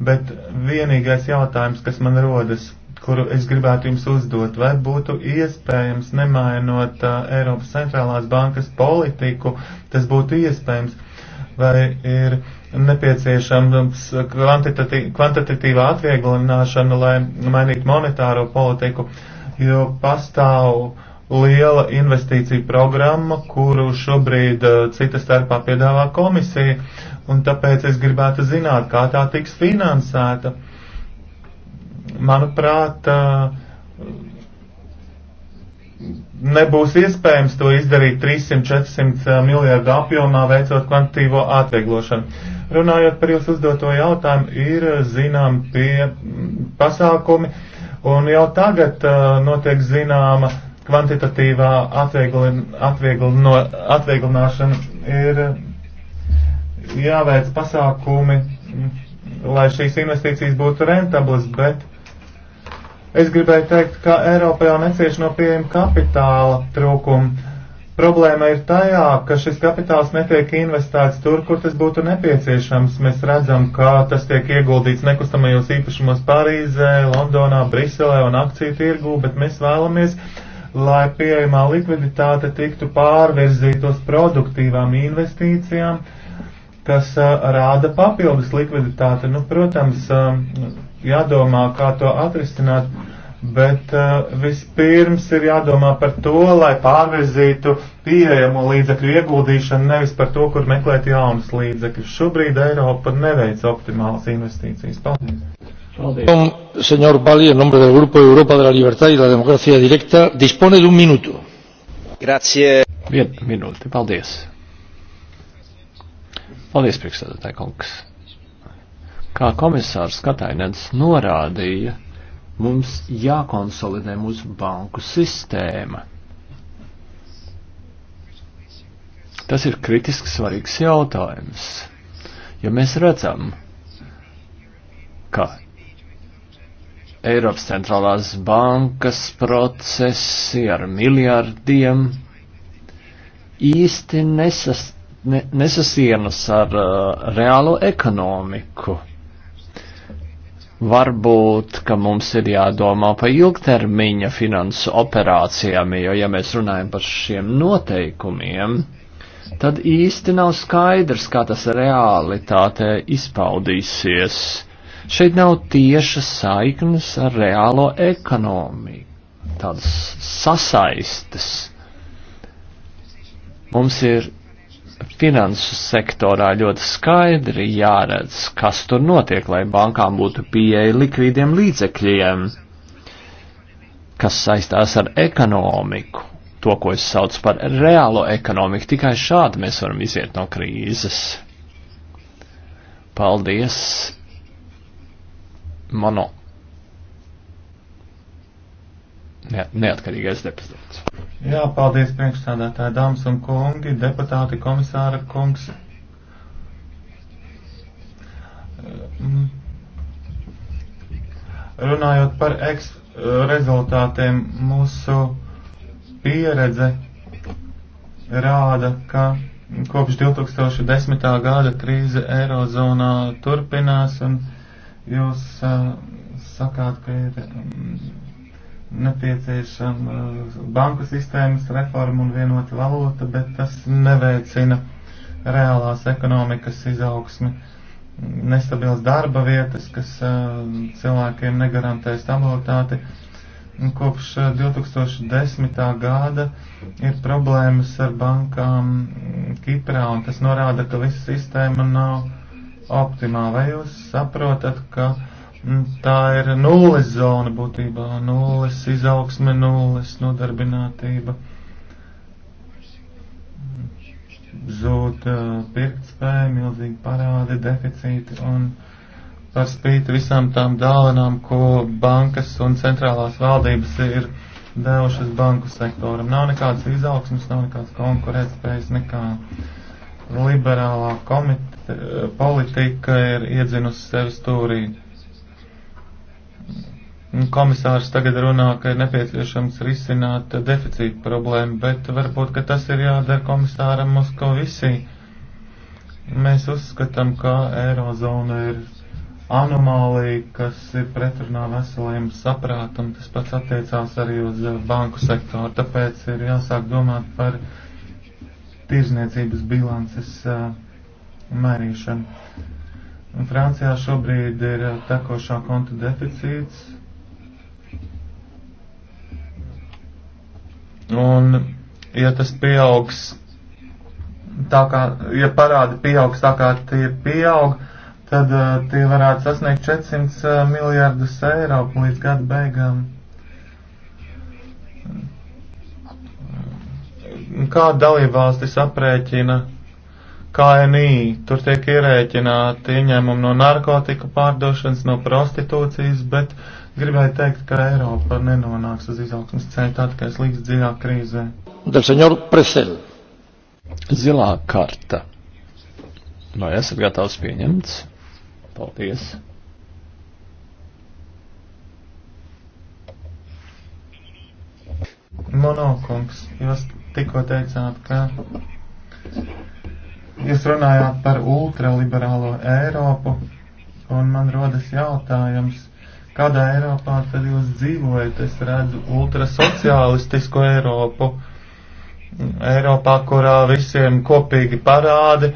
bet vienīgais jautājums, kas man rodas, kuru es gribētu jums uzdot, vai būtu iespējams, nemainot uh, Eiropas centrālās bankas politiku, tas būtu iespējams, vai ir nepieciešams kvantitatīvā atvieglināšana, lai mainītu monetāro politiku, jo pastāv uh, liela investīcija programma, kuru šobrīd eh, cita starpā piedāvā komisija, un tāpēc es gribētu zināt, kā tā tiks finansēta. Manuprāt, eh, nebūs iespējams to izdarīt 300-400 eh, miljārdu apjomā, veicot kvantitīvo atvieglošanu. Runājot par jūsu uzdoto jautājumu, ir zinām pie pasākumi, un jau tagad uh, notiek zināma uh, kvantitatīvā atvieglino, atvieglināšana ir eh, jāveic pasākumi, mm, lai šīs investīcijas būtu rentablas, bet es gribēju teikt, ka Eiropā jau necieš no pieejama kapitāla trūkuma. Problēma ir tajā, ka šis kapitāls netiek investēts tur, kur tas būtu nepieciešams. Mēs redzam, ka tas tiek ieguldīts nekustamajos īpašumos Parīzē, Londonā, Briselē un akciju tirgū, bet mēs vēlamies, lai pieejamā likviditāte tiktu pārvirzīta uz produktīvām investīcijām, kas uh, rāda papildus likviditāti. Nu, protams, um, jādomā, kā to atrisināt, bet uh, vispirms ir jādomā par to, lai pārvirzītu pieejamo līdzekļu ieguldīšanu, nevis par to, kur meklēt jaunus līdzekļus. Šobrīd Eiropa neveic optimālas investīcijas. Paldies! Paldies. Señor Bali, en nombre del Grupo Europa de la Libertad y la Democracia Directa, dispone de un minuto. Grazie. Vien minūte. Paldies. Paldies, priekšsēdētāji kungs. Kā komisārs Katainens norādīja, mums jākonsolidē mūsu banku sistēma. Tas ir kritiski svarīgs jautājums, jo mēs redzam, ka Eiropas centrālās bankas procesi ar miljardiem īsti nesas, ne, nesasienas ar uh, reālo ekonomiku. Varbūt, ka mums ir jādomā par ilgtermiņa finansu operācijām, jo, ja mēs runājam par šiem noteikumiem, tad īsti nav skaidrs, kā tas realitātē izpaudīsies Šeit nav tieša saiknes ar reālo ekonomiku, tādas sasaistes. Mums ir finansu sektorā ļoti skaidri jāredz, kas tur notiek, lai bankām būtu pieeja likvīdiem līdzekļiem, kas saistās ar ekonomiku, to, ko es saucu par reālo ekonomiku. Tikai šādi mēs varam iziet no krīzes. Paldies mano neatkarīgais deputāts. Jā, paldies priekšstādātāji dāmas un kungi, deputāti, komisāra kungs. Runājot par eks rezultātiem, mūsu pieredze rāda, ka kopš 2010. gada krīze Eirozonā turpinās un Jūs uh, sakāt, ka ir um, nepieciešama uh, banku sistēmas reforma un vienota valūta, bet tas neveicina reālās ekonomikas izaugsmi. Nestabils darba vietas, kas uh, cilvēkiem negarantē stabilitāti. Kopš 2010. gada ir problēmas ar bankām Kiprā, un tas norāda, ka visa sistēma nav optimā, vai jūs saprotat, ka mm, tā ir nulles zona būtībā, nulles izaugsme, nulles nodarbinātība, zūd pirktspēja, milzīgi parādi, deficīti un par spīti visām tām dāvanām, ko bankas un centrālās valdības ir devušas banku sektoram. Nav nekādas izaugsmas, nav nekādas konkurētspējas, nekā liberālā komiteja politika ir iedzinusi sevi stūrī. Komisārs tagad runā, ka ir nepieciešams risināt deficīta problēmu, bet varbūt, ka tas ir jādara komisāram Moskovisī. Mēs uzskatām, ka Eirozona ir anomālija, kas ir pretrunā veseliem saprātam, tas pats attiecās arī uz banku sektoru, tāpēc ir jāsāk domāt par tirzniecības bilances uh, mainīšanu. Francijā šobrīd ir eh, tekošā konta deficīts. Un, ja tas pieaugs tā kā, ja parādi pieaugs tā kā tie pieaug, tad uh, tie varētu sasniegt 400 eh, miljārdus eiro līdz gada beigām. Kā dalībvalstis aprēķina? KNI. Tur tiek ierēķināti ieņēmumi no narkotika pārdošanas, no prostitūcijas, bet gribēju teikt, ka Eiropa nenonāks uz izaugsmas ceļu tā tikai slīgs dziļā krīzē. Zilā karta. Vai esat gatavs pieņemts? Paldies. Monokungs, jūs tikko teicāt, ka Jūs runājāt par ultraliberālo Eiropu, un man rodas jautājums, kādā Eiropā tad jūs dzīvojat? Es redzu ultrasociālistisku Eiropu, Eiropā, kurā visiem kopīgi parādi,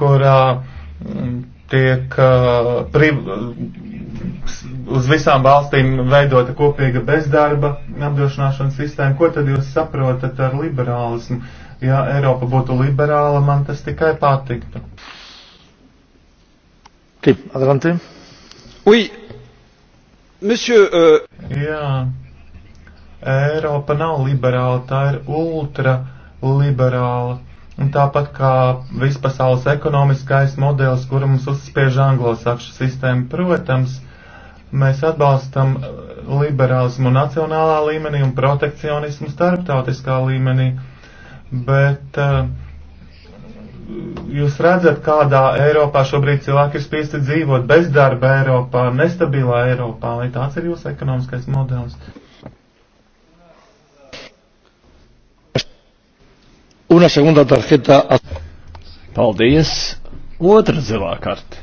kurā mm, tiek uh, priv, uz visām valstīm veidota kopīga bezdarba apdrošināšanas sistēma. Ko tad jūs saprotat ar liberālismu? Ja Eiropa būtu liberāla, man tas tikai patiktu. Okay, adelante. Oui, monsieur. Euh... Jā, Eiropa nav liberāla, tā ir ultraliberāla. Un tāpat kā vispasaules ekonomiskais modelis, kuru mums uzspiež anglosakšu sistēma, protams, mēs atbalstam uh, liberālismu nacionālā līmenī un protekcionismu starptautiskā līmenī bet uh, jūs redzat, kādā Eiropā šobrīd cilvēki ir spiesti dzīvot bezdarba Eiropā, nestabilā Eiropā, vai tāds ir jūsu ekonomiskais modelis? Una segunda tarjeta. Paldies. Otra zilā karte.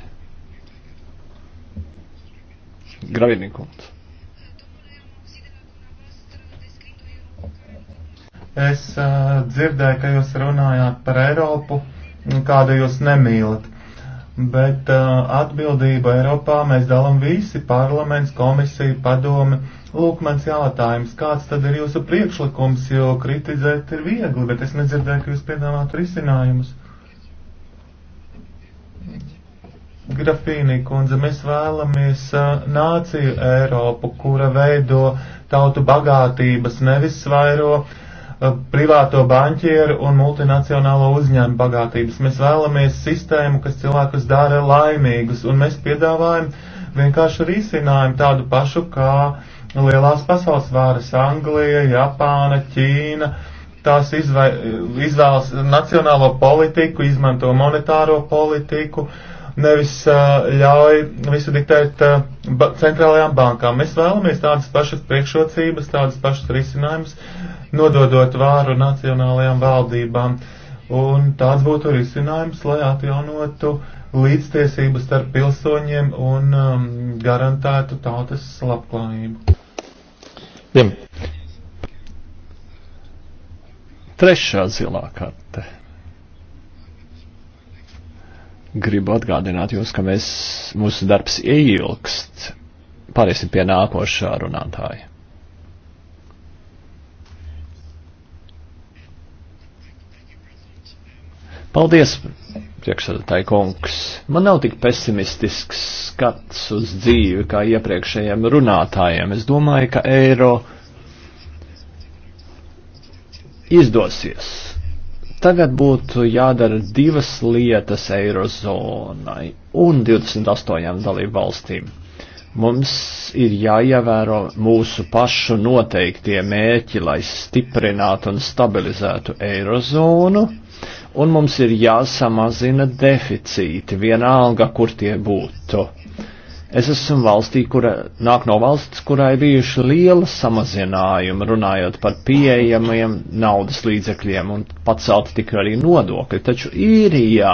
Gravinīkums. Es uh, dzirdēju, ka jūs runājāt par Eiropu, kādu jūs nemīlat. Bet uh, atbildību Eiropā mēs dalām visi - parlaments, komisija, padome. Lūk, mans jautājums, kāds tad ir jūsu priekšlikums, jo kritizēt ir viegli, bet es nedzirdēju, ka jūs piedāvātu risinājumus. Grafīnī kundze, mēs vēlamies uh, nāciju Eiropu, kura veido tautu bagātības, nevis svairo uh, Eh, privāto banķieru un multinacionālo uzņēmu bagātības. Mēs vēlamies sistēmu, kas cilvēkus dara laimīgus, un mēs piedāvājam vienkārši risinājumu tādu pašu kā lielās pasaules vāras - Anglija, Japāna, Ķīna. Tās izvē, izvēlas nacionālo politiku, izmanto monetāro politiku, nevis uh, ļauj visu diktēt uh, ba centrālajām bankām. Mēs vēlamies tādas pašas priekšrocības, tādas pašas risinājumus, uh, nododot vāru nacionālajām valdībām. Un tāds būtu risinājums, lai atjaunotu līdztiesību starp pilsoņiem un um, garantētu tautas labklājību. Jum. Trešā zilā karte. Gribu atgādināt jums, ka mēs, mūsu darbs ieilgst. Pāriesim pie nākošā runātāja. Paldies, priekšsēdētāji kungs. Man nav tik pesimistisks skats uz dzīvi kā iepriekšējiem runātājiem. Es domāju, ka eiro izdosies. Tagad būtu jādara divas lietas eirozonai un 28 dalību valstīm. Mums ir jāievēro mūsu pašu noteiktie mērķi, lai stiprinātu un stabilizētu eirozonu un mums ir jāsamazina deficīti, vienalga, kur tie būtu. Es esmu valstī, kura nāk no valsts, kurā ir bijuši liela samazinājuma, runājot par pieejamiem naudas līdzekļiem, un pacelti tika arī nodokļi. Taču īrijā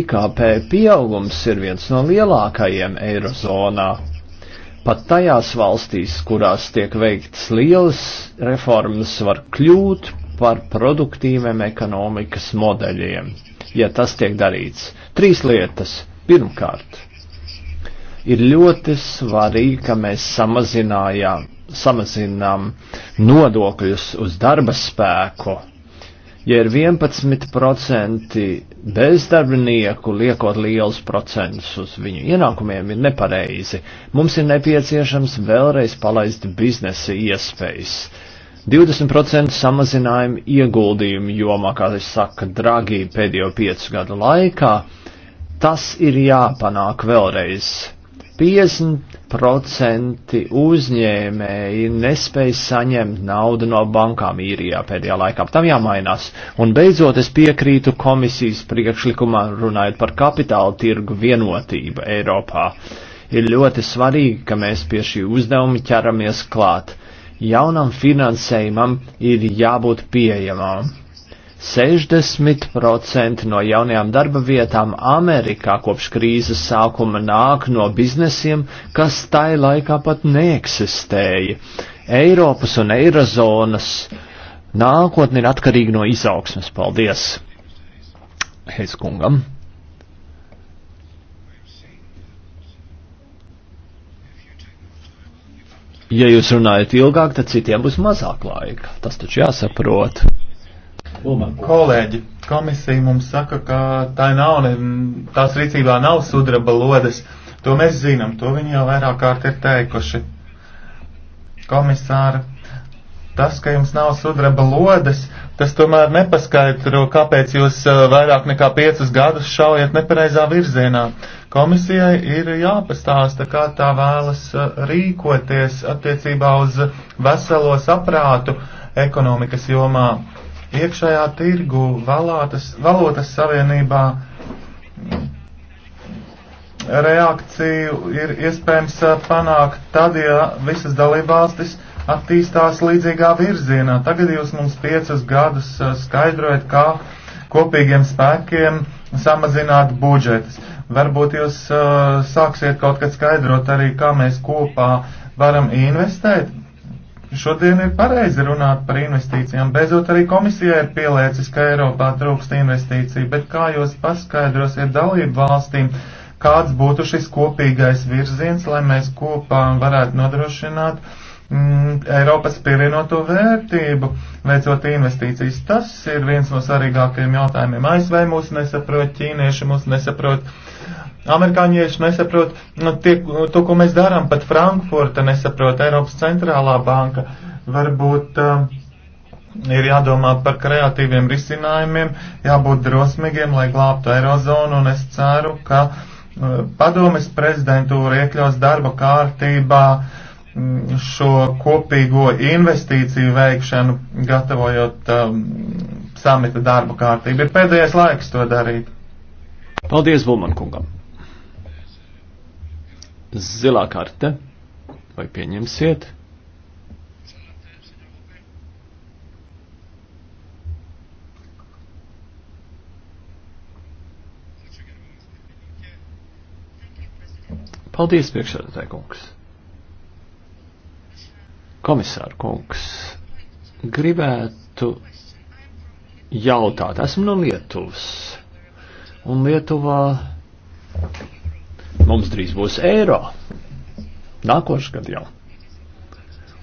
IKP pieaugums ir viens no lielākajiem Eirozonā. Pat tajās valstīs, kurās tiek veikts lielas reformas, var kļūt par produktīviem ekonomikas modeļiem, ja tas tiek darīts. Trīs lietas. Pirmkārt, ir ļoti svarīgi, ka mēs samazinājām, samazinām nodokļus uz darba spēku. Ja ir 11% bezdarbnieku, liekot lielus procentus uz viņu ienākumiem, ir nepareizi. Mums ir nepieciešams vēlreiz palaist biznesa iespējas 20% samazinājumu ieguldījumu jomā, kā es saku, Dragī pēdējo piecu gadu laikā. Tas ir jāpanāk vēlreiz. 50% uzņēmēji nespēja saņemt naudu no bankām īrijā pēdējā laikā. Tam jāmainās. Un beidzot, es piekrītu komisijas priekšlikumā runājot par kapitāla tirgu vienotību Eiropā. Ir ļoti svarīgi, ka mēs pie šī uzdevuma ķeramies klāt jaunam finansējumam ir jābūt pieejamām. 60% no jaunajām darba vietām Amerikā kopš krīzes sākuma nāk no biznesiem, kas tai laikā pat neeksistēja. Eiropas un Eirozonas nākotne ir atkarīga no izaugsmes. Paldies! Heizkungam! Ja jūs runājat ilgāk, tad citiem būs mazāk laika. Tas taču jāsaprot. Kolēģi, komisija mums saka, ka tā nav, ne, tās rīcībā nav sudraba lodes. To mēs zinām, to viņi jau vairāk kārt ir teikuši. Komisāra, tas, ka jums nav sudraba lodes, uh, Tas tomēr nepaskaidro, kāpēc jūs eh, vairāk nekā piecus gadus šaujat nepareizā virzienā. Komisijai ir jāpastāsta, kā tā vēlas eh, rīkoties attiecībā uz veselo saprātu ekonomikas jomā. Iekšējā tirgu valātas, valotas savienībā mm, reakciju ir iespējams eh, panākt tad, ja visas dalībvalstis valstis attīstās līdzīgā virzienā. Tagad jūs mums piecus gadus uh, skaidrojat, kā kopīgiem spēkiem samazināt budžetus. Varbūt jūs uh, sāksiet kaut kad skaidrot arī, kā mēs kopā varam investēt. Šodien ir pareizi runāt par investīcijām. Beidzot, arī komisija ir pielēcis, ka Eiropā trūkst investīciju, bet kā jūs paskaidrosiet dalību valstīm, kāds būtu šis kopīgais virziens, lai mēs kopā varētu nodrošināt uh, mm, Eiropas pievienoto vērtību, veicot investīcijas. Tas ir viens no svarīgākajiem jautājumiem. ASV mūs nesaprot, ķīnieši mūs nesaprot, amerikāņieši nesaprot, nu, tie, to, ko mēs darām, pat Frankfurta nesaprot, Eiropas centrālā banka. Varbūt uh, ir jādomā par kreatīviem risinājumiem, jābūt drosmīgiem, lai glābtu Eirozonu, un es ceru, ka uh, padomes prezidentūra iekļaus darba kārtībā uh, Mm, šo kopīgo investīciju veikšanu, gatavojot um, samita darba kārtību. Ir pēdējais laiks to darīt. Paldies Bulman kungam. Zilā karte. Vai pieņemsiet? Paldies, priekšsēdētāji kungs. Komisāra kungs, gribētu jautāt, esmu no Lietuvas, un Lietuvā mums drīz būs eiro, nākošais gadu jau.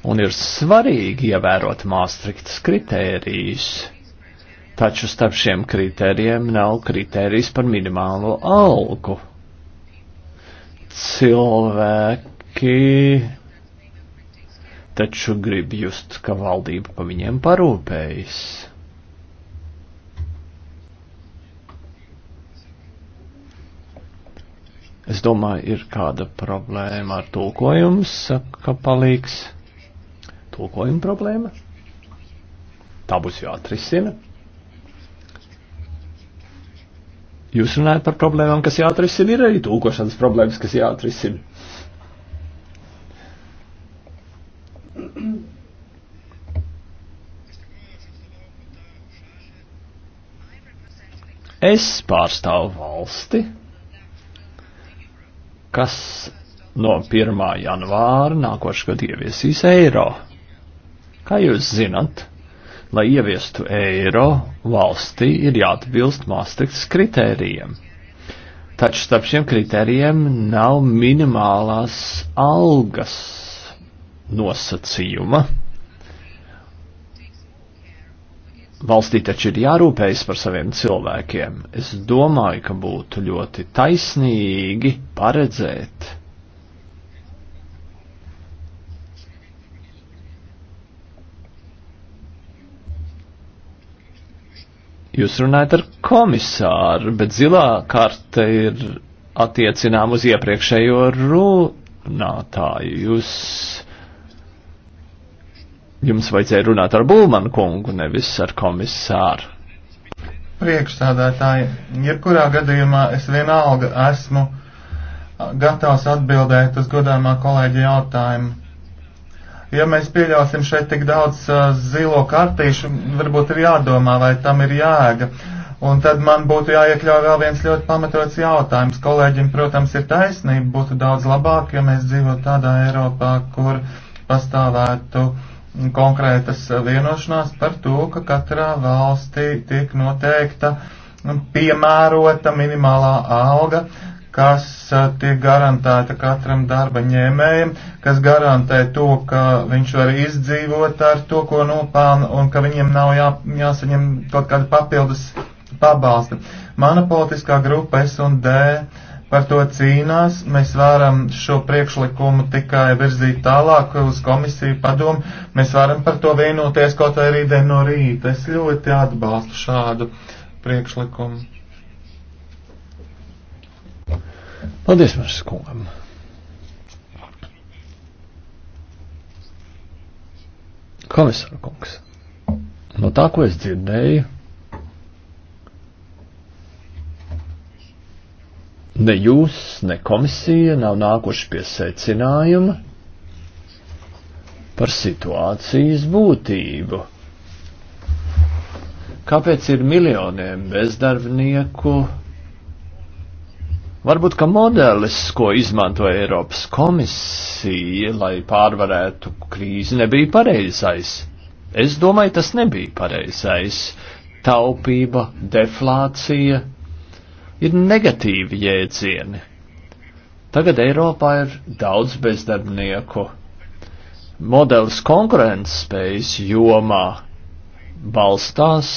Un ir svarīgi ievērot māstriktas kritērijus, taču starp šiem kritērijiem nav kritērijas par minimālo algu. Cilvēki taču grib just, ka valdība pa viņiem parūpējas. Es domāju, ir kāda problēma ar tulkojumu, saka palīgs. Tulkojuma problēma? Tā būs jāatrisina. Jūs runājat par problēmām, kas jāatrisina, ir arī tulkošanas problēmas, kas jāatrisina. Es pārstāvu valsti, kas no 1. janvāra nākošajā gadā ieviesīs eiro. Kā jūs zinat, lai ieviestu eiro, valstī ir jāatbilst māstriktas kritērijiem. Taču starp šiem kritērijiem nav minimālās algas nosacījuma. Valstī taču ir jārūpējas par saviem cilvēkiem. Es domāju, ka būtu ļoti taisnīgi paredzēt. Jūs runājat ar komisāru, bet zilā karte ir attiecinām uz iepriekšējo runātāju. Jūs Jums vajadzēja runāt ar Bulmanu kungu, nevis ar komisāru. Priekšstādātāji, jebkurā gadījumā es vienalga esmu gatavs atbildēt uz godāmā kolēģa jautājumu. Ja mēs pieļausim šeit tik daudz uh, zilo kartīšu, varbūt ir jādomā, vai tam ir jēga. Un tad man būtu jāiekļauj vēl viens ļoti pamatots jautājums. Kolēģim, protams, ir taisnība, būtu daudz labāk, ja mēs dzīvotu tādā Eiropā, kur pastāvētu uh, konkrētas vienošanās par to, ka katrā valstī tiek noteikta piemērota minimālā alga, kas uh, tiek garantēta katram darba ņēmējam, kas garantē to, ka viņš var izdzīvot ar to, ko nopelna, un ka viņiem nav jā, jāsaņem kaut kāda papildus pabalsta. Mana politiskā grupa S un D uh, par to cīnās. Mēs varam šo priekšlikumu tikai virzīt tālāk uz komisiju padomu. Mēs varam par to vienoties kaut arī rītdien no rīta. Es ļoti atbalstu šādu priekšlikumu. Paldies, Mārcis Kungam! Komisāra kungs, no tā, ko es dzirdēju, Ne jūs, ne komisija nav nākuši pie secinājuma par situācijas būtību. Kāpēc ir miljoniem bezdarbnieku? Varbūt, ka modelis, ko izmanto Eiropas komisija, lai pārvarētu krīzi, nebija pareizais. Es domāju, tas nebija pareizais. Taupība, deflācija, ir negatīvi jēdzieni. Tagad Eiropā ir daudz bezdarbnieku. Modelis konkurences spējas jomā balstās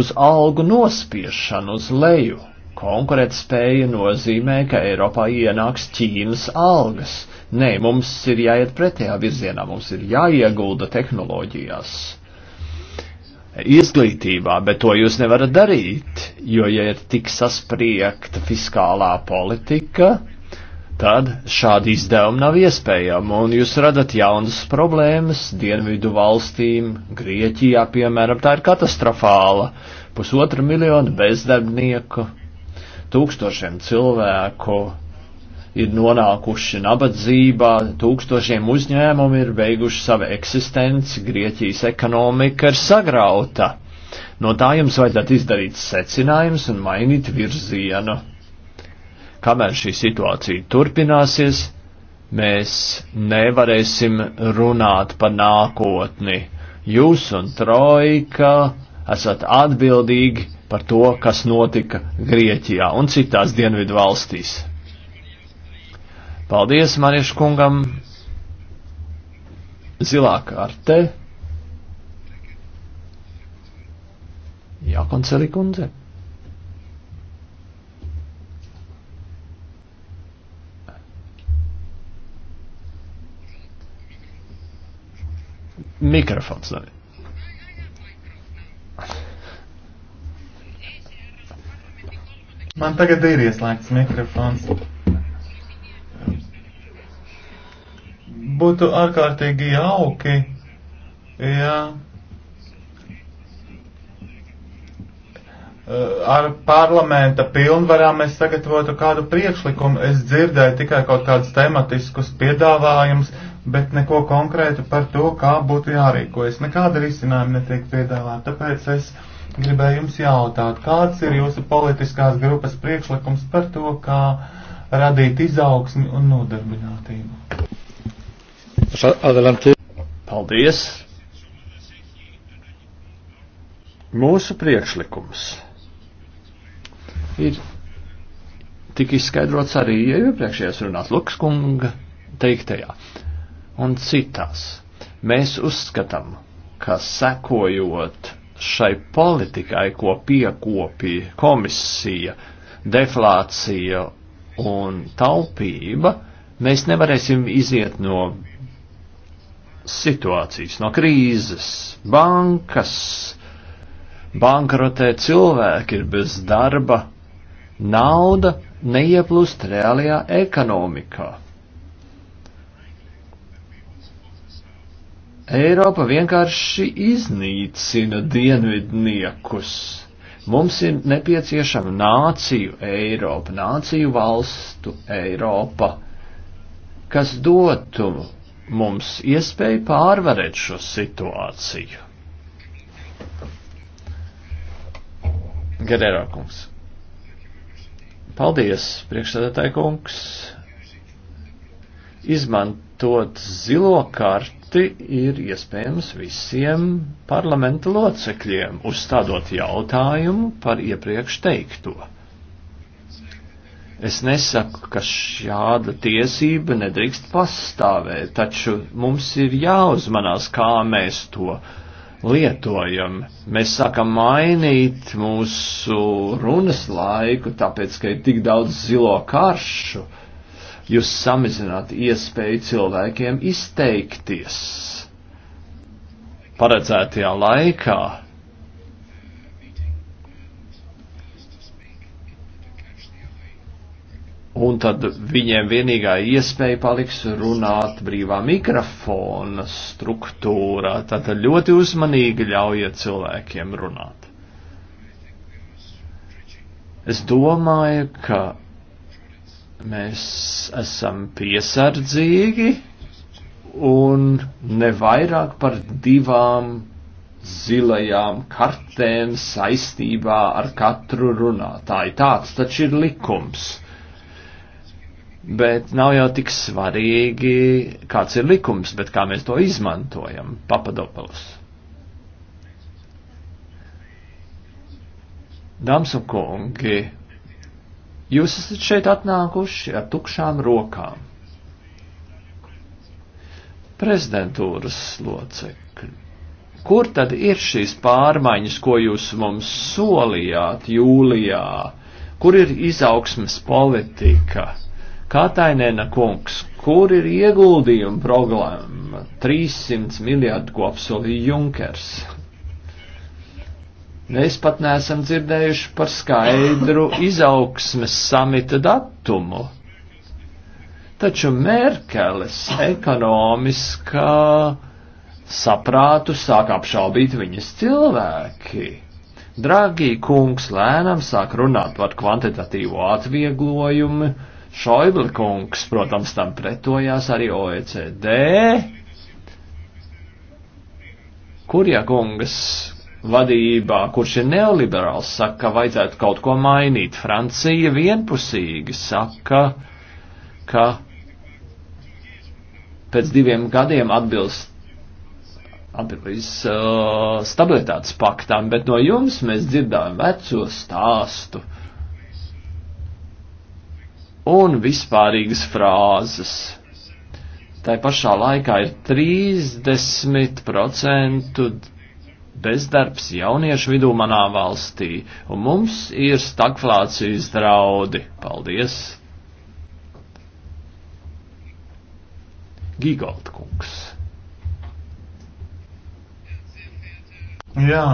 uz algu nospiešanu uz leju. Konkurētspēja nozīmē, ka Eiropā ienāks Ķīnas algas. Nē, mums ir jāiet pretējā virzienā, mums ir jāiegulda tehnoloģijās izglītībā, bet to jūs nevarat darīt, jo, ja ir tik saspriegta fiskālā politika, tad šādi izdevumi nav iespējami, un jūs radat jaunas problēmas dienvidu valstīm, Grieķijā, piemēram, tā ir katastrofāla, pusotra miljona bezdarbnieku, tūkstošiem cilvēku ir nonākuši nabadzībā, tūkstošiem uzņēmumi ir beiguši savu eksistenci, Grieķijas ekonomika ir sagrauta. No tā jums vajadzētu izdarīt secinājums un mainīt virzienu. Kamēr šī situācija turpināsies, mēs nevarēsim runāt par nākotni. Jūs un Trojka esat atbildīgi par to, kas notika Grieķijā un citās dienvidu valstīs. Paldies Mariešu kungam. Zilā kārte. Jākonceli kundze. Mikrofons arī. Man tagad ir ieslēgts mikrofons. Būtu ārkārtīgi jauki, ja eh, ar parlamenta pilnvarām mēs sagatavotu kādu priekšlikumu. Es dzirdēju tikai kaut kādus tematiskus piedāvājumus, bet neko konkrētu par to, kā būtu jārīkojas. Nekāda risinājuma netiek piedāvāta. Tāpēc es gribēju jums jautāt, kāds ir jūsu politiskās grupas priekšlikums par to, kā radīt izaugsmi un nodarbinātību? Adelante. Paldies! Mūsu priekšlikums ir tik izskaidrots arī iepriekšējās runās Lukskunga teiktajā un citās. Mēs uzskatām, ka sekojot šai politikai, ko piekopīja komisija, deflācija un taupība, mēs nevarēsim iziet no situācijas, no krīzes, bankas, bankrotē cilvēki ir bez darba, nauda neieplūst reālajā ekonomikā. Eiropa vienkārši iznīcina dienvidniekus. Mums ir nepieciešama nāciju Eiropa, nāciju valstu Eiropa, kas dotu mums iespēju pārvarēt šo situāciju. Gerērā kungs. Paldies, priekšsēdētāji kungs. Izmantot zilo karti ir iespējams visiem parlamenta locekļiem, uzstādot jautājumu par iepriekš teikto. Es nesaku, ka šāda tiesība nedrīkst pastāvēt, taču mums ir jāuzmanās, kā mēs to lietojam. Mēs sākam mainīt mūsu runas laiku, tāpēc, ka ir tik daudz zilo karšu. Jūs samazināt iespēju cilvēkiem izteikties paredzētajā laikā Un tad viņiem vienīgā iespēja paliks runāt brīvā mikrofona struktūrā. Tātad ļoti uzmanīgi ļaujiet cilvēkiem runāt. Es domāju, ka mēs esam piesardzīgi un nevairāk par divām zilajām kartēm saistībā ar katru runātāju. Tāds taču ir likums Bet nav jau tik svarīgi, kāds ir likums, bet kā mēs to izmantojam, Papadopoulos. Dāmas un kungi, jūs esat šeit atnākuši ar tukšām rokām. Prezidentūras locekļi, kur tad ir šīs pārmaiņas, ko jūs mums solījāt jūlijā? Kur ir izaugsmas politika? Katainēna kungs, kur ir ieguldījuma problēma? 300 miljārdu, ko apsolīja Junkers. Mēs pat neesam dzirdējuši par skaidru izaugsmes samita datumu. Taču Merkeles ekonomiskā saprātu sāk apšaubīt viņas cilvēki. Dragī kungs lēnām sāk runāt par kvantitatīvo atvieglojumu, Šoibla kungs, protams, tam pretojās arī OECD. Kurja kungas vadībā, kurš ir neoliberāls, saka, ka vajadzētu kaut ko mainīt. Francija vienpusīgi saka, ka pēc diviem gadiem atbilst atbilst uh, stabilitātes paktam, bet no jums mēs dzirdām veco stāstu. Uh, un vispārīgas frāzes. Tā pašā laikā ir 30% bezdarbs jauniešu vidū manā valstī, un mums ir stagflācijas draudi. Paldies! Gigaldkungs. Jā,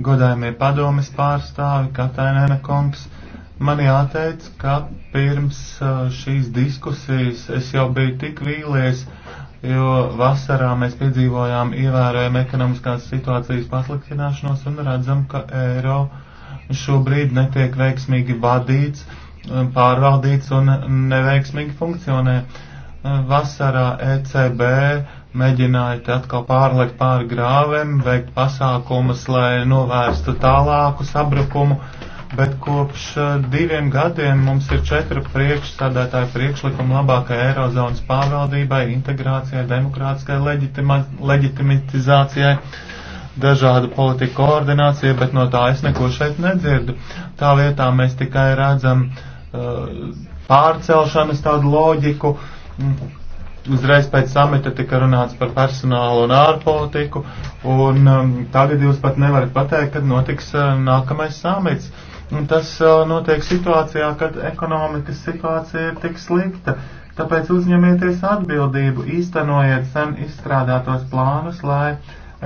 godājumie padomis pārstāvi Katainēna Komps Man jāteic, ka pirms uh, šīs diskusijas es jau biju tik vīlies, jo vasarā mēs piedzīvojām ievērojami ekonomiskās situācijas pasliktināšanos un redzam, ka eiro šobrīd netiek veiksmīgi vadīts, um, pārvaldīts un neveiksmīgi funkcionē. Uh, vasarā ECB mēģināja te atkal pārlikt pāri grāvem, veikt pasākumus, lai novērstu tālāku sabrukumu bet kopš eh, diviem gadiem mums ir četru priekšsādātāju priekšlikumu labākai Eirozonas pārvaldībai, integrācijai, demokrātiskai leģitimitizācijai, dažādu politiku koordinācijai, bet no tā es neko šeit nedzirdu. Tā vietā mēs tikai redzam uh, pārcelšanas tādu loģiku. Uzreiz pēc samita tika runāts par personālu un ārpolitiku, un um, tagad jūs pat nevarat pateikt, kad notiks uh, nākamais samits. Uh, Un tas uh, notiek situācijā, kad ekonomikas situācija ir tik slikta. Tāpēc uzņemieties atbildību, īstenojiet sen izstrādātos plānus, lai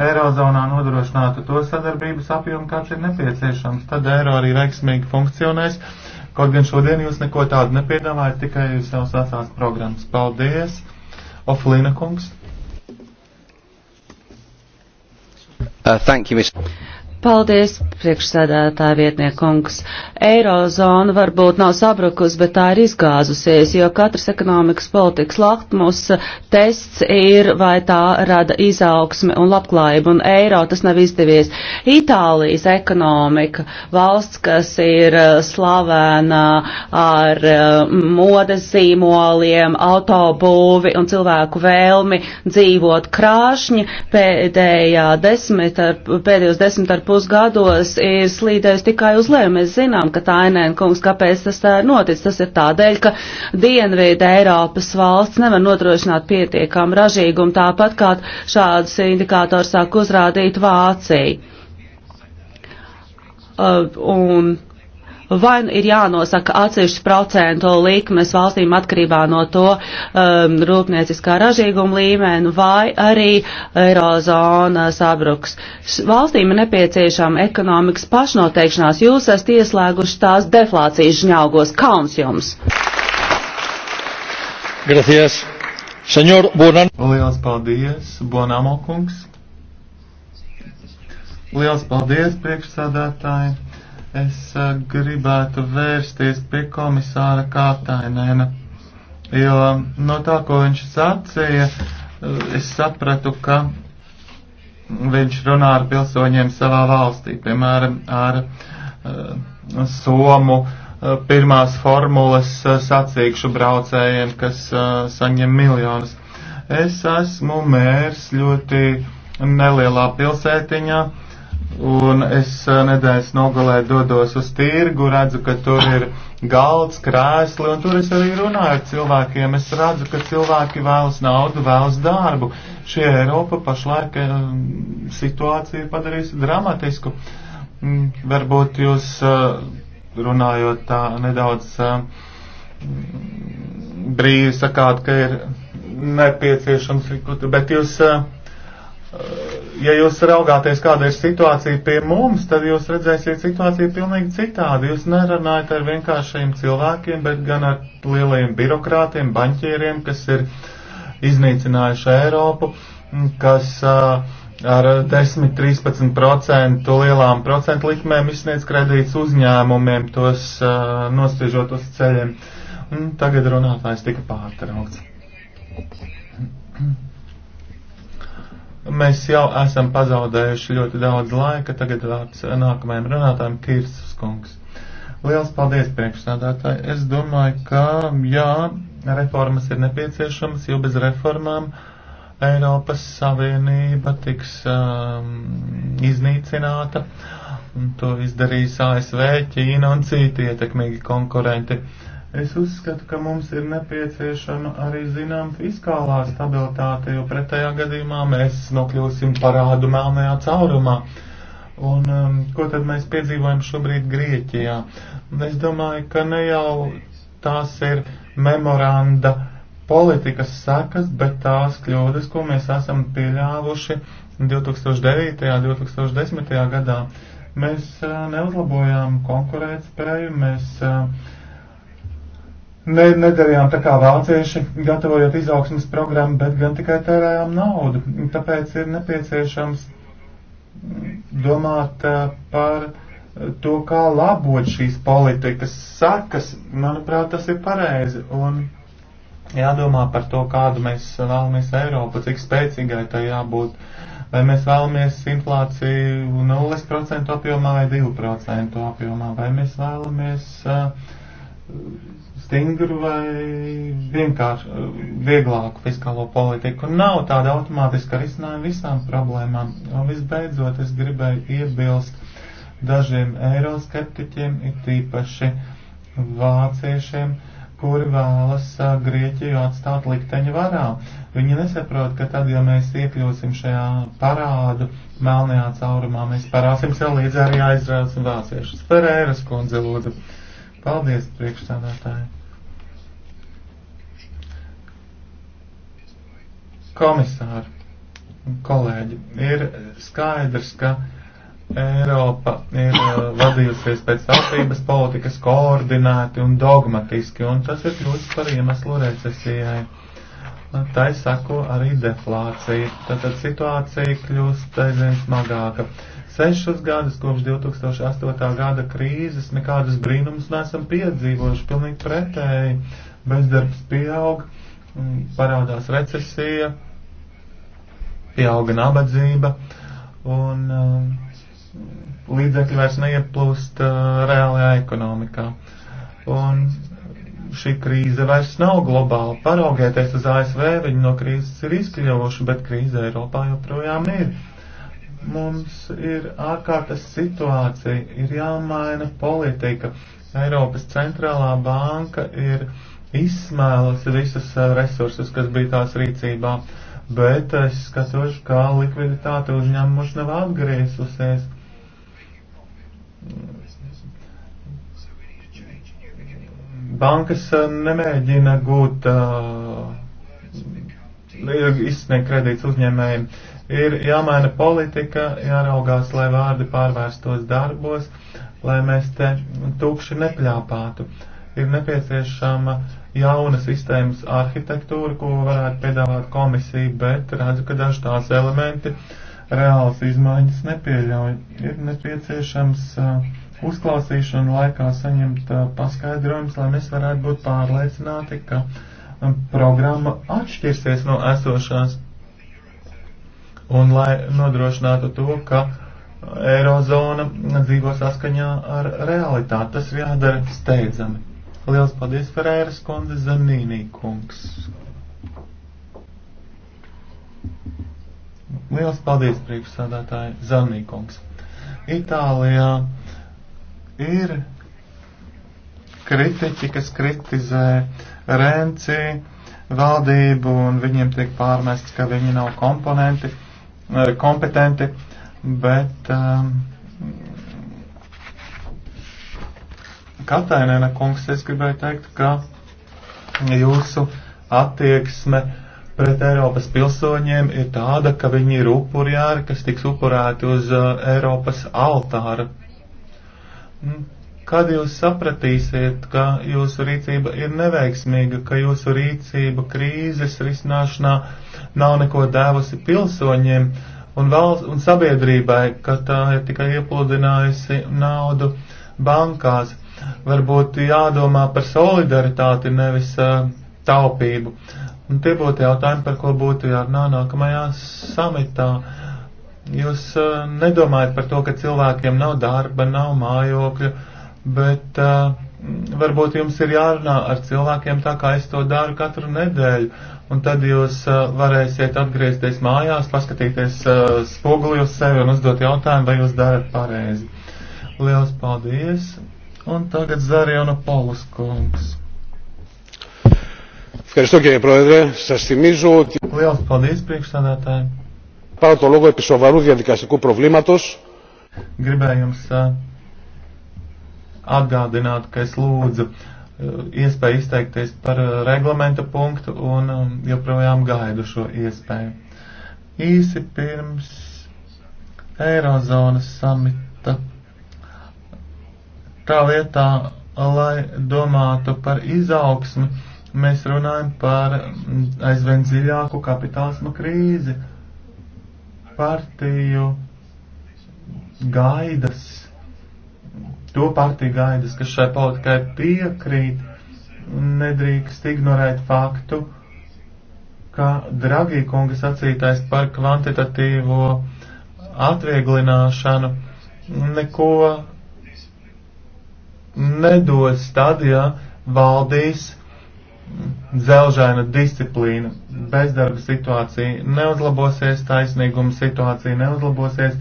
Eirozonā nodrošinātu to sadarbības apjomu, kāds ir nepieciešams. Tad eiro arī veiksmīgi funkcionēs. Kaut gan šodien jūs neko tādu nepiedāvājat, tikai jūs savus vecās programmas. Paldies! Oflīna kungs! Uh, thank you, Mr. Paldies, priekšsēdētāja vietniekungs. Eirozona varbūt nav sabrukus, bet tā ir izgāzusies, jo katrs ekonomikas politikas lakmus tests ir, vai tā rada izaugsmi un labklājību, un eiro tas nav izdevies. Itālijas ekonomika, valsts, kas ir eh, slavena ar eh, modes zīmoliem, autobūvi un cilvēku vēlmi dzīvot krāšņi, pēdējā desmit ar, pēdējos desmit ar pusi pusgados ir slīdējis tikai uz leju. Mēs zinām, ka Tainēn kungs, kāpēc tas tā eh, ir noticis, tas ir tādēļ, ka Dienvieda Eiropas valsts nevar nodrošināt pietiekam ražīgumu, tāpat kā šādus indikātors sāk uzrādīt Vācija. Uh, un vai nu ir jānosaka atsevišķas procentu likmes valstīm atkarībā no to um, rūpnieciskā ražīguma līmeni, vai arī eirozona sabruks. Valstīm ir nepieciešama ekonomikas pašnoteikšanās. Jūs esat ieslēguši tās deflācijas žņaugos. Kauns jums! Gracias. Senor Bonan. Lielas paldies, Bonamo kungs. Lielas paldies, priekšsādātāji. Es eh, gribētu vērsties pie komisāra Kātainēna, jo eh, no tā, ko viņš sacīja, eh, es sapratu, ka viņš runā ar pilsoņiem savā valstī, piemēram, ar uh, Somu uh, pirmās formulas uh, sacīkšu braucējiem, kas uh, saņem miljonus. Es esmu mērs ļoti nelielā pilsētiņā, uh, Un es uh, nedēļas nogalē dodos uz tirgu, redzu, ka tur ir galds, krēsli, un tur es arī runāju ar cilvēkiem. Es redzu, ka cilvēki vēlas naudu, vēlas darbu. Šī Eiropa pašlaik uh, situācija ir padarījusi dramatisku. Mm, varbūt jūs uh, runājot tā nedaudz brīvi sakāt, ka ir nepieciešams, bet jūs ja jūs raugāties, kāda ir situācija pie mums, tad jūs redzēsiet situāciju pilnīgi citādi. Jūs nerunājat ar vienkāršiem cilvēkiem, bet gan ar lielajiem birokrātiem, baņķieriem, kas ir iznīcinājuši Eiropu, kas ar 10-13% lielām procentu likmēm izsniedz kredītus uzņēmumiem, tos nospiežot uz ceļiem. Tagad runātājs tika pārtraukts. Mm-hmm. Mēs jau esam pazaudējuši ļoti daudz laika. Tagad vārds nākamajam runātājam Kirsus kungs. Liels paldies priekšsādātāji. Es domāju, ka jā, reformas ir nepieciešamas, jo bez reformām Eiropas Savienība tiks um, iznīcināta. To izdarīs ASV, Ķīna un citi ietekmīgi konkurenti. Uh, Es uzskatu, ka mums ir nepieciešama arī zinām fiskālā stabilitāte, jo pretējā gadījumā mēs nokļūsim parādu melnajā caurumā. Un um, ko tad mēs piedzīvojam šobrīd Grieķijā? Es domāju, ka ne jau tās ir memoranda politikas sekas, bet tās kļūdas, ko mēs esam pieļāvuši 2009. un 2010. gadā. Mēs uh, neuzlabojām konkurētspēju, mēs uh, ne, nedarījām tā kā vācieši, gatavojot izaugsmas programmu, bet gan tikai tērējām naudu. Tāpēc ir nepieciešams domāt eh, par to, kā labot šīs politikas sakas. Manuprāt, tas ir pareizi. Un jādomā par to, kādu mēs vēlamies Eiropu, cik spēcīgai tai jābūt. Vai mēs vēlamies inflāciju 0% apjomā vai 2% apjomā, vai mēs vēlamies uh, stingru vai vienkārši vieglāku fiskālo politiku. Nav tāda automātiska risinājuma visām problēmām. Un visbeidzot, es gribēju iebilst dažiem eiroskeptiķiem, it īpaši vāciešiem, kuri vēlas Grieķiju atstāt likteņa varā. Viņi nesaprot, ka tad, ja mēs iekļūsim šajā parādu melnajā caurumā, mēs parāsim sev līdzi arī aizrādes un vāciešus. Ferēras kundze lūdzu. Paldies, priekšstādātāji! Komisāri, kolēģi, ir skaidrs, ka Eiropa ir eh, vadījusies pēc tautības politikas koordinēti un dogmatiski, un tas ir kļūst par iemeslu recesijai. Tai sako arī deflācija, tātad situācija kļūst aizvien smagāka. Sešus gadus kopš 2008. gada krīzes nekādus brīnumus neesam piedzīvojuši, pilnīgi pretēji. Bezdarbs pieaug, parādās recesija, pieauga nabadzība un līdzekļi vairs neieplūst reālajā ekonomikā. Un šī krīze vairs nav globāla. Paraugieties uz ASV, viņi no krīzes ir izkļuvuši, bet krīze Eiropā joprojām ir. Mums ir ārkārtas situācija, ir jāmaina politika. Eiropas centrālā banka ir izsmēlusi visus eh, resursus, kas bija tās rīcībā, bet es skatos, kā likviditāte uzņēmuši nav atgriezusies. Bankas eh, nemēģina gūt, uh, izsniegt kredītus uzņēmējiem. Uh, Ir jāmaina politika, jāraugās, lai vārdi pārvērstos darbos, lai mēs te tukši nepļāpātu. Ir nepieciešama jauna sistēmas arhitektūra, ko varētu piedāvāt komisija, bet redzu, ka daži tās elementi reāls izmaiņas nepieļauj. Ir nepieciešams uh, uzklausīšanu laikā saņemt uh, paskaidrojums, lai mēs varētu būt pārliecināti, ka programma atšķirsies no esošās un lai nodrošinātu to, ka Eirozona dzīvo saskaņā ar realitāti. Tas jādara steidzami. Liels paldies, Ferēras kundze, Zemnīnī kungs. Liels paldies, priekšsādātāji, Zemnī kungs. Itālijā ir kritiķi, kas kritizē Renci valdību un viņiem tiek pārmests, ka viņi nav komponenti Eh, kompetenti, bet um, Katainēna kungs, es gribēju teikt, ka jūsu attieksme pret Eiropas pilsoņiem ir tāda, ka viņi ir upurjāri, kas tiks upurēti uz uh, Eiropas altāra. Mm, kad jūs sapratīsiet, ka jūsu rīcība ir neveiksmīga, ka jūsu rīcība krīzes risināšanā uh, nav neko devusi pilsoņiem un, valsts, un sabiedrībai, ka tā ir tikai iepludinājusi naudu bankās. Varbūt jādomā par solidaritāti, nevis uh, taupību. Un tie būtu jautājumi, par ko būtu jārunā nākamajā samitā. Jūs uh, nedomājat par to, ka cilvēkiem nav darba, nav mājokļu, bet uh, varbūt jums ir jārunā ar cilvēkiem tā, kā es to daru katru nedēļu un tad jūs uh, varēsiet atgriezties mājās, paskatīties uh, spoguli uz sevi un uzdot jautājumu, vai jūs darat pareizi. Lielas paldies! Un tagad Zariona Polus kungs. Ευχαριστώ κύριε Πρόεδρε. Σας θυμίζω ότι... Λίγος παλδίς πρίξανάτα. Πάρα το λόγο επί σοβαρού διαδικαστικού προβλήματος. Gribēju jums uh, atgādināt, ka es lūdzu Uh, iespēju izteikties par uh, reglamenta punktu un um, joprojām gaidu šo iespēju. Īsi pirms Eirozonas samita tā vietā, lai domātu par izaugsmi, mēs runājam par um, aizvien dziļāku kapitālismu krīzi. Partiju gaidas to partiju gaidas, kas šai politikai piekrīt, nedrīkst ignorēt faktu, ka Dragī kunga sacītais par kvantitatīvo atvieglināšanu neko nedos tad, ja valdīs dzelžaina disciplīna, bezdarba situācija neuzlabosies, taisnīguma situācija neuzlabosies,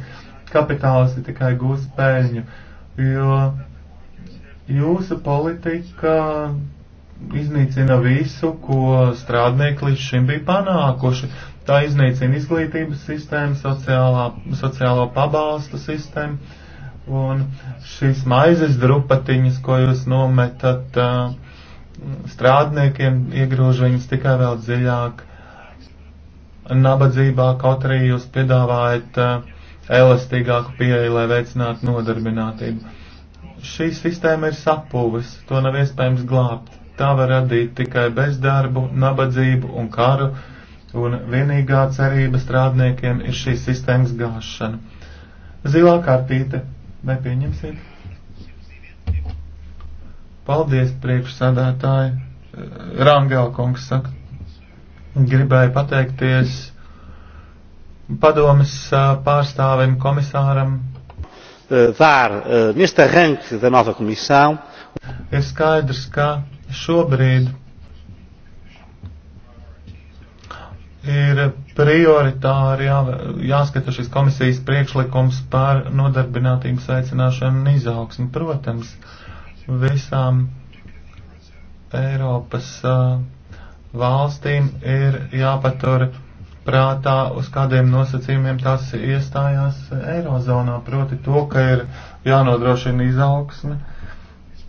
kapitālisti tikai gūs pēļņu. Uh, jo jūsu politika iznīcina visu, ko strādnieki līdz šim bija panākuši. Tā iznīcina izglītības sistēmu, sociālā, sociālo pabalstu sistēmu un šīs maizes drupatiņas, ko jūs nometat strādniekiem, iegrūž viņus tikai vēl dziļāk nabadzībā, kaut arī jūs piedāvājat uh, elastīgāku pieeju, lai veicinātu nodarbinātību. Šī sistēma ir sapuvis, to nav iespējams glābt. Tā var radīt tikai bezdarbu, nabadzību un karu, un vienīgā cerība strādniekiem ir šīs sistēmas gāšana. Zilā kartīte, vai pieņemsiet? Paldies, priekšsādātāji. Rangēlkungs saka, gribēju pateikties padomas pārstāvim komisāram. Dar, neste arranque da nova komisija. Ir skaidrs, ka šobrīd ir prioritāri jā, jāskata šis komisijas priekšlikums par nodarbinātības aicināšanu un izaugsmu. Protams, visām Eiropas uh, valstīm ir jāpatur uh, prātā, uz kādiem nosacījumiem tās iestājās Eirozonā, proti to, ka ir jānodrošina izaugsme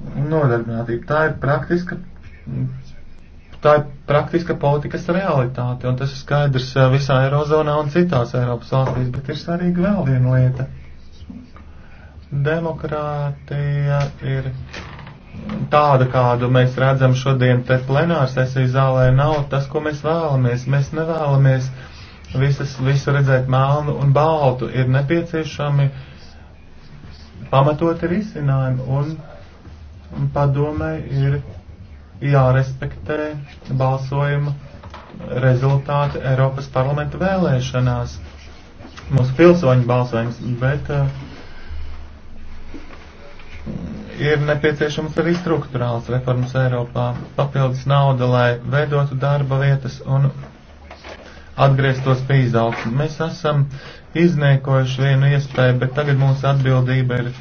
un nodarbinātība. Tā ir praktiska. Tā ir praktiska politikas realitāte, un tas ir skaidrs visā Eirozonā un citās Eiropas valstīs, bet ir svarīga vēl viena lieta. Demokrātija ir tāda, kādu mēs redzam šodien te plenārsesiju zālē, nav tas, ko mēs vēlamies. Mēs nevēlamies visas, visu redzēt melnu un baltu. Ir nepieciešami pamatoti risinājumi un padomē ir jārespektē balsojuma rezultāti Eiropas parlamenta vēlēšanās. Mūsu pilsoņu balsojums, bet uh, ir nepieciešamas arī struktūrāls reformas Eiropā, papildus nauda, lai veidotu darba vietas un atgrieztos pie izaugsmes. Mēs esam izniekojuši vienu iespēju, bet tagad mūsu atbildība ir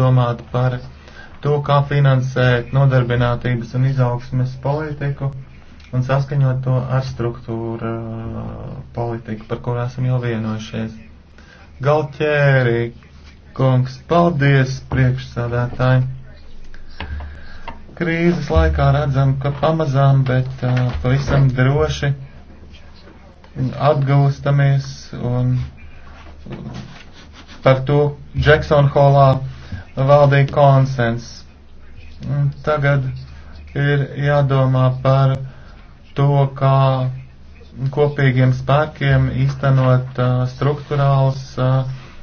domāt par to, kā finansēt nodarbinātības un izaugsmes politiku un saskaņot to ar struktūru uh, politiku, par kur esam jau vienojušies. Galķēri, kungs, paldies priekšsādātāji! krīzes laikā redzam, ka pamazām, bet uh, pavisam droši atgūstamies un par to Džeksona holā valdīja konsens. Tagad ir jādomā par to, kā kopīgiem spēkiem īstenot uh, struktūrāls, uh,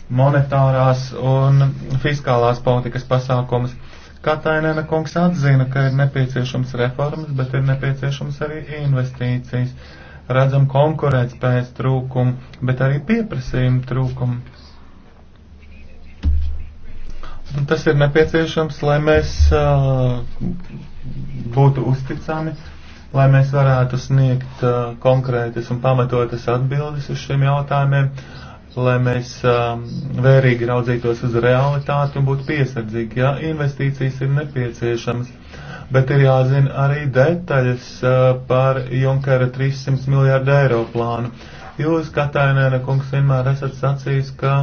monetārās un fiskālās politikas pasākumus Katainēna kungs atzina, ka ir nepieciešams reformas, bet ir nepieciešams arī investīcijas. Redzam konkurētspējas trūkumu, bet arī pieprasījumu trūkumu. Un tas ir nepieciešams, lai mēs uh, būtu uzticami, lai mēs varētu sniegt uh, konkrētas un pamatotas atbildes uz šiem jautājumiem. Uh, lai mēs um, vērīgi raudzītos uz realitāti un būtu piesardzīgi. Jā, investīcijas ir nepieciešamas, bet ir jāzina arī detaļas uh, par Junkera 300 miljārdu eiro plānu. Jūs, Katainēna kungs, vienmēr esat sacījis, ka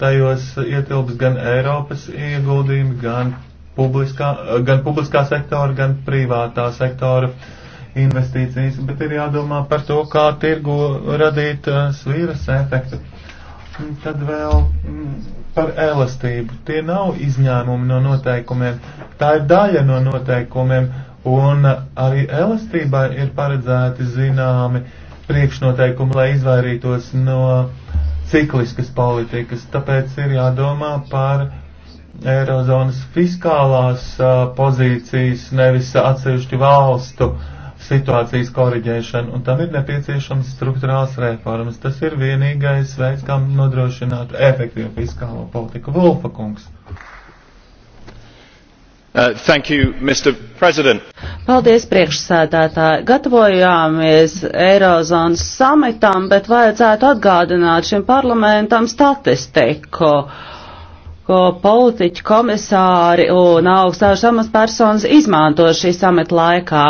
tajos ietilps gan Eiropas ieguldījumi, gan publiskā, gan publiskā sektora, gan privātā sektora investīcijas, bet ir jādomā par to, kā tirgu radīt uh, svīras efektu Mm, tad vēl mm, par elastību. Tie nav izņēmumi no noteikumiem, tā ir daļa no noteikumiem, un arī elastībai ir paredzēti zināmi priekšnoteikumi, lai izvairītos no cikliskas politikas. Tāpēc ir jādomā par Eirozonas fiskālās pozīcijas, nevis atsevišķu valstu uh, situācijas koriģēšanu, un tam ir nepieciešams struktūrāls reformas. Tas ir vienīgais veids, kā nodrošināt efektīvu fiskālo politiku. Vulfa kungs. Uh, you, Paldies, priekšsēdētāji. Gatavojāmies Eirozonas samitam, bet vajadzētu atgādināt šim parlamentam statistiku ko politiķi, komisāri un augstāšamas personas izmanto šī samita laikā.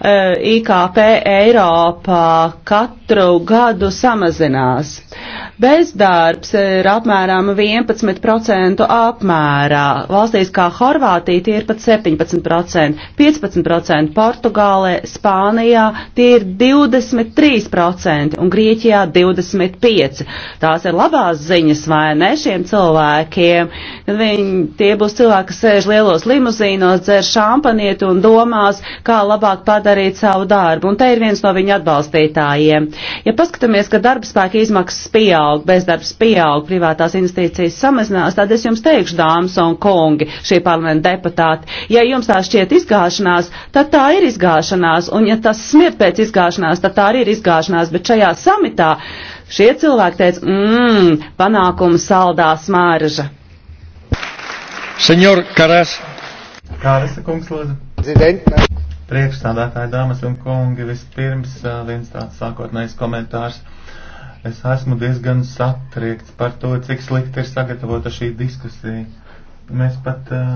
Eh, IKP Eiropā katru gadu samazinās. Bezdarbs ir apmēram 11% apmērā. Valstīs kā Horvātija tie ir pat 17%, 15% Portugālē, Spānijā tie ir 23% un Grieķijā 25%. Tās ir labās ziņas vai ne šiem cilvēkiem. Viņi, tie būs cilvēki, kas sēž lielos limuzīnos, dzer šampanieti un domās, kā labāk padarīt darīt savu darbu, un te ir viens no viņa atbalstītājiem. Ja paskatāmies, ka darba spēka izmaksas pieaug, bezdarbs pieaug, privātās investīcijas samazinās, tad es jums teikšu, dāmas un kungi, šie parlamenta deputāti, ja jums tā šķiet izgāšanās, tad tā ir izgāšanās, un ja tas smirt pēc izgāšanās, tad tā arī ir izgāšanās, bet šajā samitā šie cilvēki teica, mmm, panākumu saldā smarža. Senjor Karas. Karas, kungs, lūdzu. Prezident priekšstādātāji, dāmas un kungi, vispirms viens tāds sākotnējs komentārs. Es esmu diezgan satriekts par to, cik slikti ir sagatavota šī diskusija. Mēs pat uh,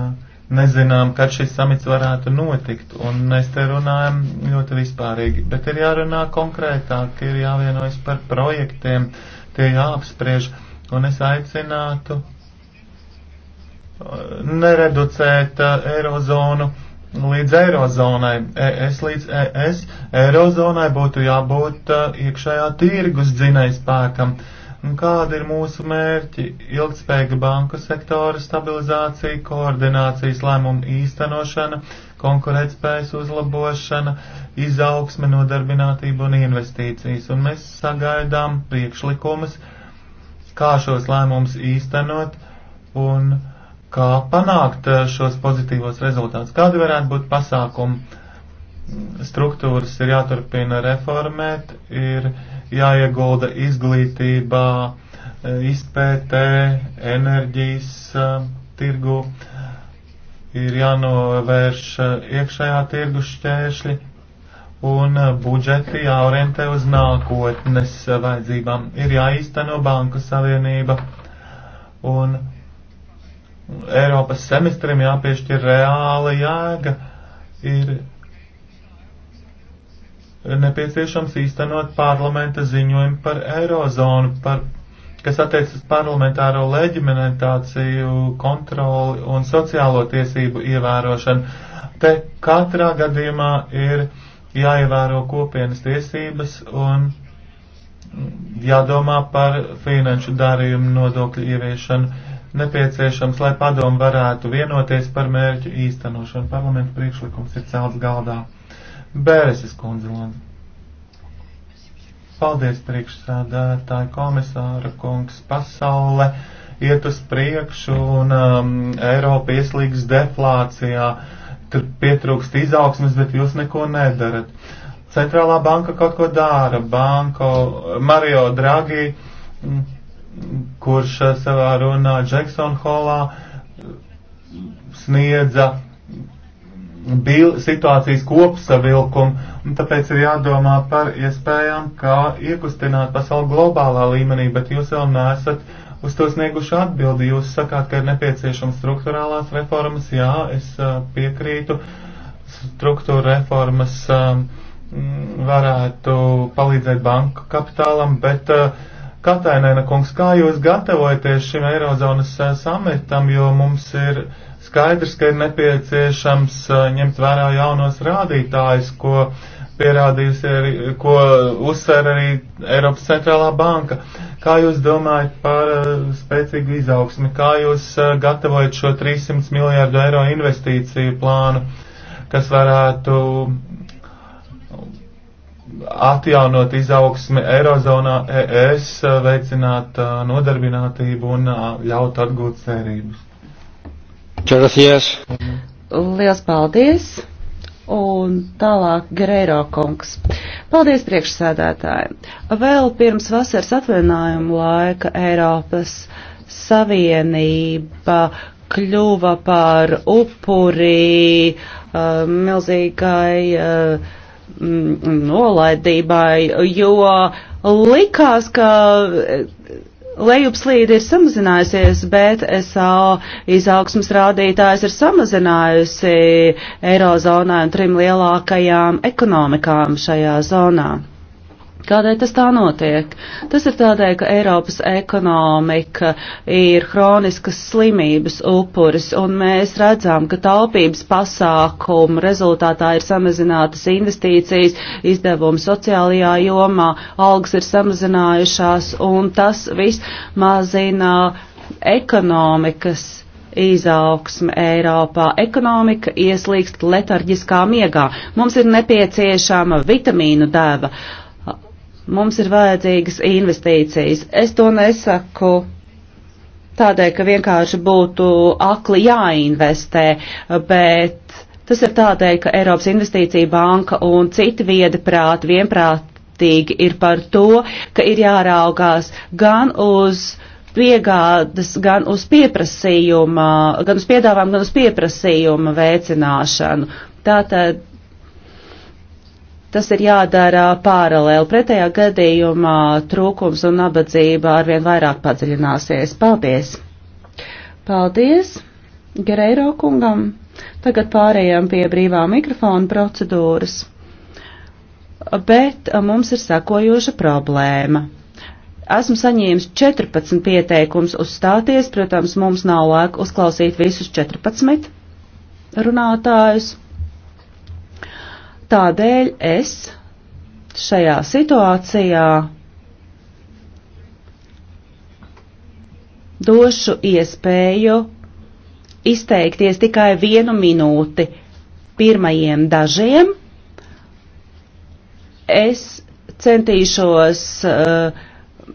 nezinām, kad šis samits varētu notikt, un mēs te runājam ļoti vispārīgi, bet ir jārunā konkrētāk, ir jāvienojas par projektiem, tie jāapspriež, un es aicinātu nereducēt eirozonu līdz eirozonai, ES līdz ES, eirozonai būtu jābūt uh, iekšējā tirgus dzinējspēkam. Kāda ir mūsu mērķi? Ilgspējīga banku sektora stabilizācija, koordinācijas lēmumu īstenošana, konkurētspējas uzlabošana, izaugsme, nodarbinātība un investīcijas. Un mēs sagaidām priekšlikumus, kā šos lēmumus īstenot un uh, kā panākt eh, šos pozitīvos rezultātus, kādi varētu būt pasākumi. Struktūras ir jāturpina reformēt, ir jāiegulda izglītībā, eh, izpētē, enerģijas eh, tirgu, ir jānovērš iekšējā tirgu šķēršļi un budžeti jāorientē uz nākotnes vajadzībām. Ir jāīsteno banku savienība un Eiropas semestrim jāpiešķir reāla jēga, ir nepieciešams īstenot parlamenta ziņojumu par eirozonu, par, kas attiecas parlamentāro leģimentāciju, kontroli un sociālo tiesību ievērošanu. Te katrā gadījumā ir jāievēro kopienas tiesības un jādomā par finanšu darījumu nodokļu ieviešanu nepieciešams, lai padomu varētu vienoties par mērķu īstenošanu. Parlamenta priekšlikums ir celts galdā. Bēreses kundze, lūdzu. Paldies, priekšsādātāji, komisāra kungs, pasaule iet uz priekšu un um, Eiropa ieslīgs deflācijā, kad pietrūkst izaugsmes, bet jūs neko nedarat. Centrālā banka kaut ko dara, banko Mario Draghi. Mm, kurš eh, savā runā Džeksona holā sniedza bil, situācijas kopsavilkumu, un tāpēc ir jādomā par iespējām, kā iekustināt pasauli globālā līmenī, bet jūs vēl nesat uz to snieguši atbildi. Jūs sakāt, ka ir nepieciešams struktūrālās reformas, jā, es eh, piekrītu, struktūra reformas eh, varētu palīdzēt banku kapitālam, bet uh, Katainēna kungs, kā jūs gatavojaties šim Eirozonas eh, samitam, jo mums ir skaidrs, ka ir nepieciešams eh, ņemt vērā jaunos rādītājus, ko pierādījusi, arī, ko uzsver arī Eiropas centrālā banka. Kā jūs domājat par eh, spēcīgu izaugsmi? Kā jūs gatavojat šo 300 miljārdu eiro investīciju plānu, kas varētu atjaunot izaugsmi Eirozonā, ES, veicināt nodarbinātību un ļaut atgūt cerības. Čerasies! Lielas paldies! Un tālāk Grēro kungs. Paldies priekšsēdētāji. Vēl pirms vasaras atvinājuma laika Eiropas Savienība kļuva par upurī uh, milzīgai uh, Mm, nolaidībai, jo likās, ka eh, lejupslīde ir samazinājusies, bet SAO izaugsmas rādītājs ir samazinājusi Eirozonai un trim lielākajām ekonomikām šajā zonā. Kādēļ tas tā notiek? Tas ir tādēļ, ka Eiropas ekonomika ir hroniskas slimības upuris, un mēs redzam, ka taupības pasākumu rezultātā ir samazinātas investīcijas, izdevumi sociālajā jomā, algas ir samazinājušās, un tas viss mazinā ekonomikas izaugsme Eiropā. Ekonomika ieslīgst letarģiskā miegā. Mums ir nepieciešama vitamīnu deva. Uh, Mums ir vajadzīgas investīcijas. Es to nesaku tādēļ, ka vienkārši būtu akli jāinvestē, bet tas ir tādēļ, ka Eiropas investīcija banka un citi viedi prāti vienprātīgi ir par to, ka ir jāraugās gan uz piegādas, gan uz pieprasījuma, gan uz piedāvājumu, gan uz pieprasījuma veicināšanu. Tātad Tas ir jādara paralēli. Pretējā gadījumā trūkums un nabadzība arvien vairāk padziļināsies. Paldies! Paldies Gereiro kungam! Tagad pārējām pie brīvā mikrofona procedūras. Bet mums ir sekojoša problēma. Esmu saņēmis 14 pieteikums uzstāties, protams, mums nav laika uzklausīt visus 14 runātājus. Tādēļ es šajā situācijā došu iespēju izteikties tikai vienu minūti pirmajiem dažiem. Es centīšos uh,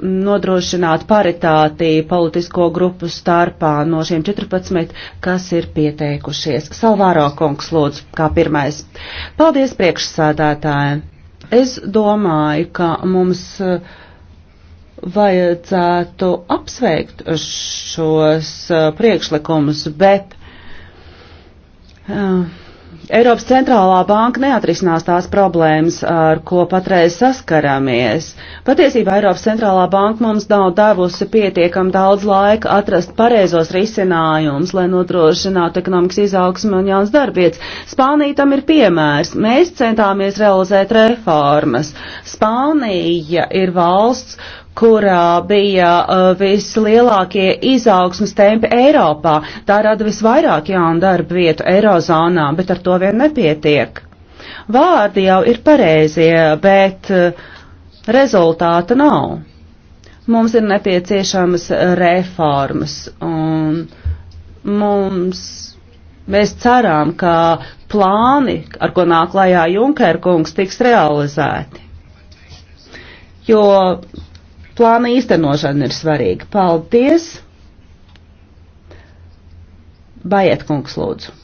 nodrošināt paritāti politisko grupu starpā no šiem 14, kas ir pieteikušies. Salvāro kungs lūdzu kā pirmais. Paldies priekšsādātājiem. Es domāju, ka mums eh, vajadzētu apsveikt šos eh, priekšlikumus, bet. Uh, Eiropas centrālā banka neatrisinās tās problēmas, ar ko patreiz saskaramies. Patiesībā Eiropas centrālā banka mums nav devusi pietiekam daudz laika atrast pareizos risinājumus, lai nodrošinātu ekonomikas izaugsmu un jauns darbietas. Spānija tam ir piemērs. Mēs centāmies realizēt reformas. Spānija ir valsts, kurā bija uh, vislielākie izaugsmas tempi Eiropā. Tā rada visvairāk jaunu darba vietu Eirozonā, bet ar to vien nepietiek. Vārdi jau ir pareizie, bet uh, rezultāta nav. Mums ir nepieciešamas reformas un mums mēs ceram, ka plāni, ar ko nāk lajā Junker kungs, tiks realizēti. Jo plāna īstenošana ir svarīga. Paldies! Baiet kungs lūdzu.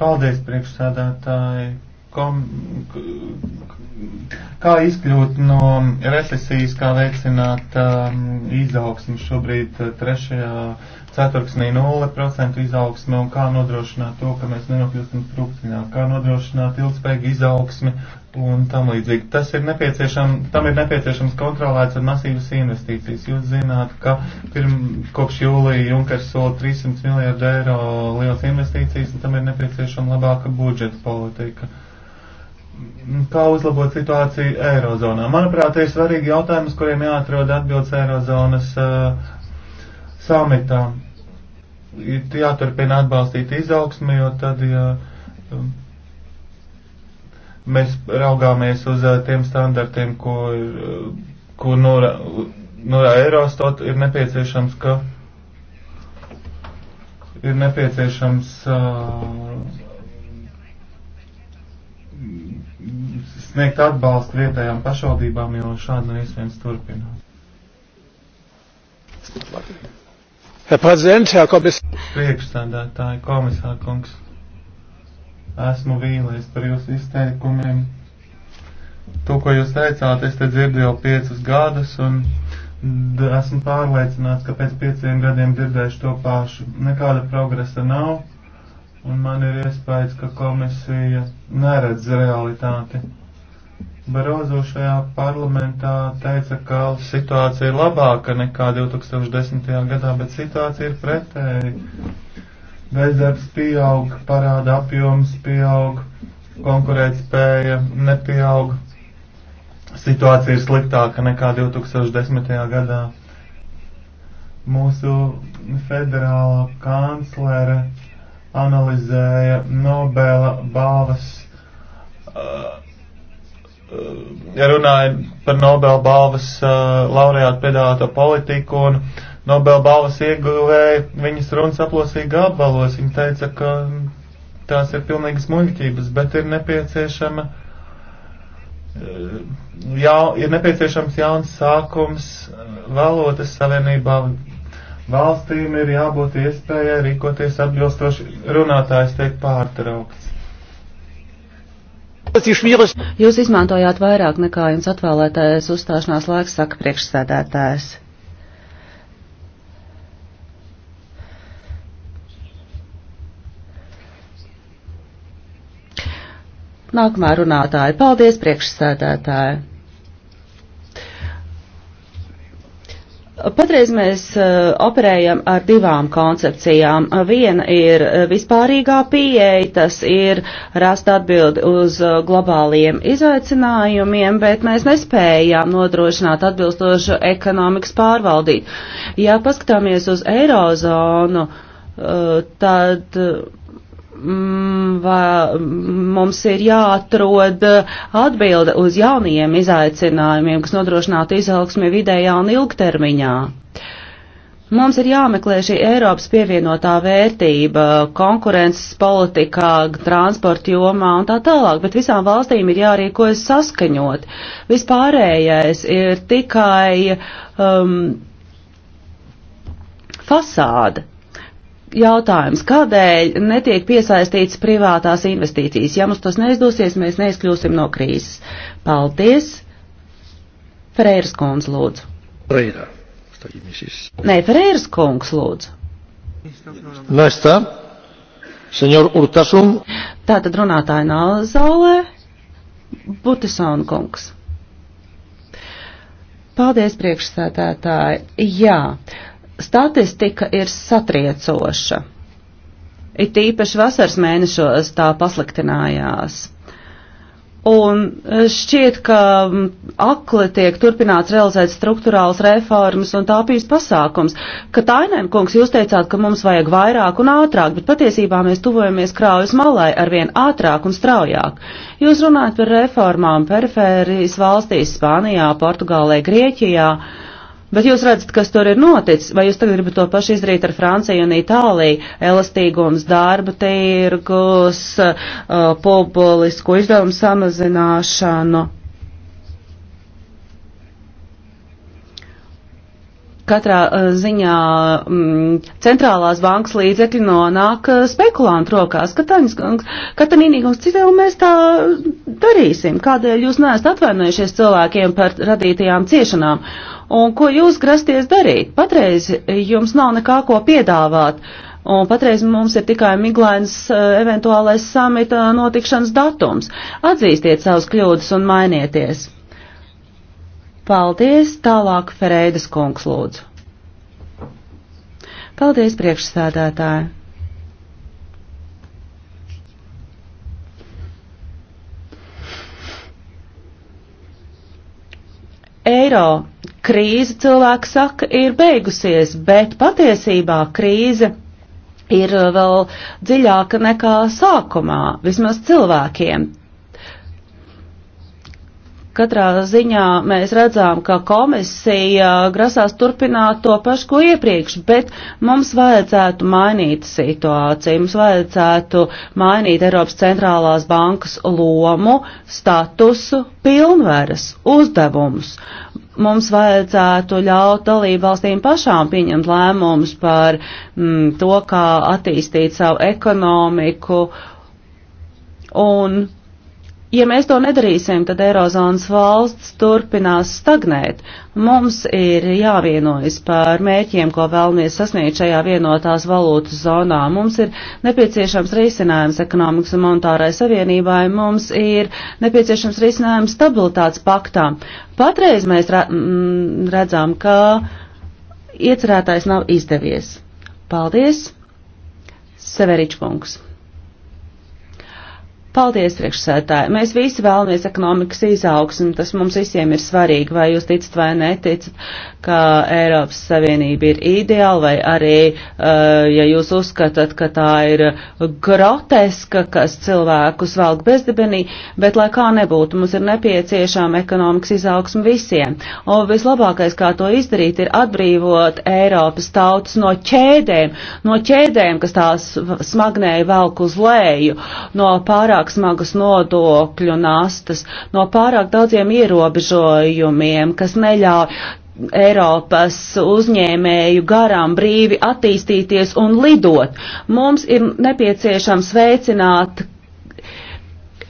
Paldies, priekšsādātāji. Kom, kā izkļūt no recesijas, kā veicināt um, izaugsmu šobrīd uh, trešajā ceturksnī 0% izaugsme un kā nodrošināt to, ka mēs nenokļūstam trūktinā, kā nodrošināt ilgspējīgu izaugsmi un tam līdzīgi. Tas ir nepieciešams, tam ir nepieciešams kontrolēts ar masīvas investīcijas. Jūs zināt, ka pirm, kopš jūlija Junkers sola 300 miljārdu eiro liels investīcijas, un tam ir nepieciešama labāka budžeta politika. Kā uzlabot situāciju Eirozonā? Manuprāt, ir svarīgi jautājums, kuriem jāatrod atbildes Eirozonas uh, samitā. Ir jāturpina atbalstīt izaugsmi, jo tad, ja um, Mēs raugāmies uz tiem standartiem, ko, ko norā, norā Eurostat ir nepieciešams, ka ir nepieciešams uh, sniegt atbalstu vietējām pašvaldībām, jo šādi nevis viens turpinās. Herr Präsident, Herr Kommissar. Priekšstādātāji, komisārkungs esmu vīlies par jūsu izteikumiem. To, ko jūs teicāt, es te dzirdu jau piecus gadus, un esmu pārliecināts, ka pēc pieciem gadiem dzirdēšu to pašu. Nekāda progresa nav, un man ir iespējas, ka komisija neredz realitāti. Barozo šajā parlamentā teica, ka situācija ir labāka nekā 2010. gadā, bet situācija ir pretēji bezdarbs pieaug, parāda apjoms pieaug, konkurētspēja nepieaug. Situācija ir sliktāka nekā 2010. gadā. Mūsu federālā kanclere analizēja Nobela balvas, uh, uh runāja par Nobela balvas uh, laureātu pedāto politiku un uh, Nobelbalvas ieguvēja, viņas runas aplosīja gabalos. Viņa teica, ka tās ir pilnīgi smuļķības, bet ir nepieciešama. Eh, Jā, ir nepieciešams jauns sākums eh, valodas savienībā. Valstīm ir jābūt iespējai rīkoties atbilstoši. Runātājs tiek pārtraukts. Jūs izmantojāt vairāk nekā jums atvēlētais uzstāšanās laiks, saka priekšsēdētājs. Nākamā runātāja. Paldies, priekšsēdētāja. Patreiz mēs uh, operējam ar divām koncepcijām. Viena ir uh, vispārīgā pieeja, tas ir rast atbildi uz uh, globāliem izaicinājumiem, bet mēs nespējām nodrošināt atbilstošu ekonomikas pārvaldību. Ja paskatāmies uz eirozonu, tad Mm, mm, mums ir jāatrod atbilde uz jaunajiem izaicinājumiem, kas nodrošinātu izaugsmi vidējā un ilgtermiņā. Mums ir jāmeklē šī Eiropas pievienotā vērtība konkurences politikā, transporta jomā un tā tālāk, bet visām valstīm ir jārīkojas saskaņot. Vispārējais ir tikai um, fasāde jautājums, kādēļ netiek piesaistīts privātās investīcijas? Ja mums tas neizdosies, mēs neizkļūsim no krīzes. Paldies! Ferēras kundz lūdzu. Ferēra. Nē, Ferēras kungs lūdzu. No está. Senor Urtasun. Tātad runātāja nav zālē. Butisona kungs. Paldies, priekšsētētāji. Jā. Uh, statistika ir satriecoša. It īpaši vasaras mēnešos tā pasliktinājās. Un eh, šķiet, ka mm, akli tiek turpināts realizēt struktūrāls reformas un tāpīs pasākums. Ka Tainēn kungs jūs teicāt, ka mums vajag vairāk un ātrāk, bet patiesībā mēs tuvojamies kraujas malai arvien ātrāk un straujāk. Jūs runājat par reformām perifērijas valstīs, Spānijā, Portugālē, Grieķijā. Uh, Bet jūs redzat, kas tur ir noticis, vai jūs tagad gribat to pašu izdarīt ar Franciju un Itāliju - elastīgums, darba tirgus, uh, publisku izdevumu samazināšanu. Katrā uh, ziņā um, centrālās bankas līdzekļi nonāk uh, spekulantu rokās. Katanīnīgums, citēl mēs tā darīsim. Kādēļ jūs neesat atvainojušies cilvēkiem par radītajām ciešanām? Uh, Un ko jūs grasties darīt? Patreiz jums nav nekā ko piedāvāt. Un patreiz mums ir tikai miglains eh, eventuālais samita notikšanas datums. Atzīstiet savus kļūdas un mainieties. Paldies, tālāk Ferēdas kungs lūdzu. Paldies, priekšsēdētāji. eiro krīze, cilvēki saka, ir beigusies, bet patiesībā krīze ir eh, vēl dziļāka nekā sākumā, vismaz cilvēkiem. Katrā ziņā mēs redzām, ka komisija grasās turpināt to pašu, ko iepriekš, bet mums vajadzētu mainīt situāciju, mums vajadzētu mainīt Eiropas centrālās bankas lomu, statusu, pilnveres, uzdevumus mums vajadzētu ļaut dalību valstīm pašām pieņemt lēmumus par mm, to, kā attīstīt savu ekonomiku. Un Ja mēs to nedarīsim, tad Eirozonas valsts turpinās stagnēt. Mums ir jāvienojas par mērķiem, ko vēlamies sasniegt šajā vienotās valūtas zonā. Mums ir nepieciešams risinājums ekonomikas un monetārai savienībai, mums ir nepieciešams risinājums stabilitātes paktām. Patreiz mēs redzam, ka iecerētais nav izdevies. Paldies, Severičkungs! Paldies, priekšsētāji. Mēs visi vēlamies ekonomikas izaugsmu, tas mums visiem ir svarīgi, vai jūs ticat vai neticat, ka Eiropas Savienība ir ideāla, vai arī, eh, ja jūs uzskatāt, ka tā ir groteska, kas cilvēkus valk bezdibenī, bet lai kā nebūtu, mums ir nepieciešama ekonomikas izaugsma visiem. Un vislabākais, kā to izdarīt, ir atbrīvot Eiropas tautas no ķēdēm, no ķēdēm, kas tās smagnēja velk uz leju, no pārāk pārāk smagas nodokļu nastas, no pārāk daudziem ierobežojumiem, kas neļauj Eiropas uzņēmēju garām brīvi attīstīties un lidot. Mums ir nepieciešams veicināt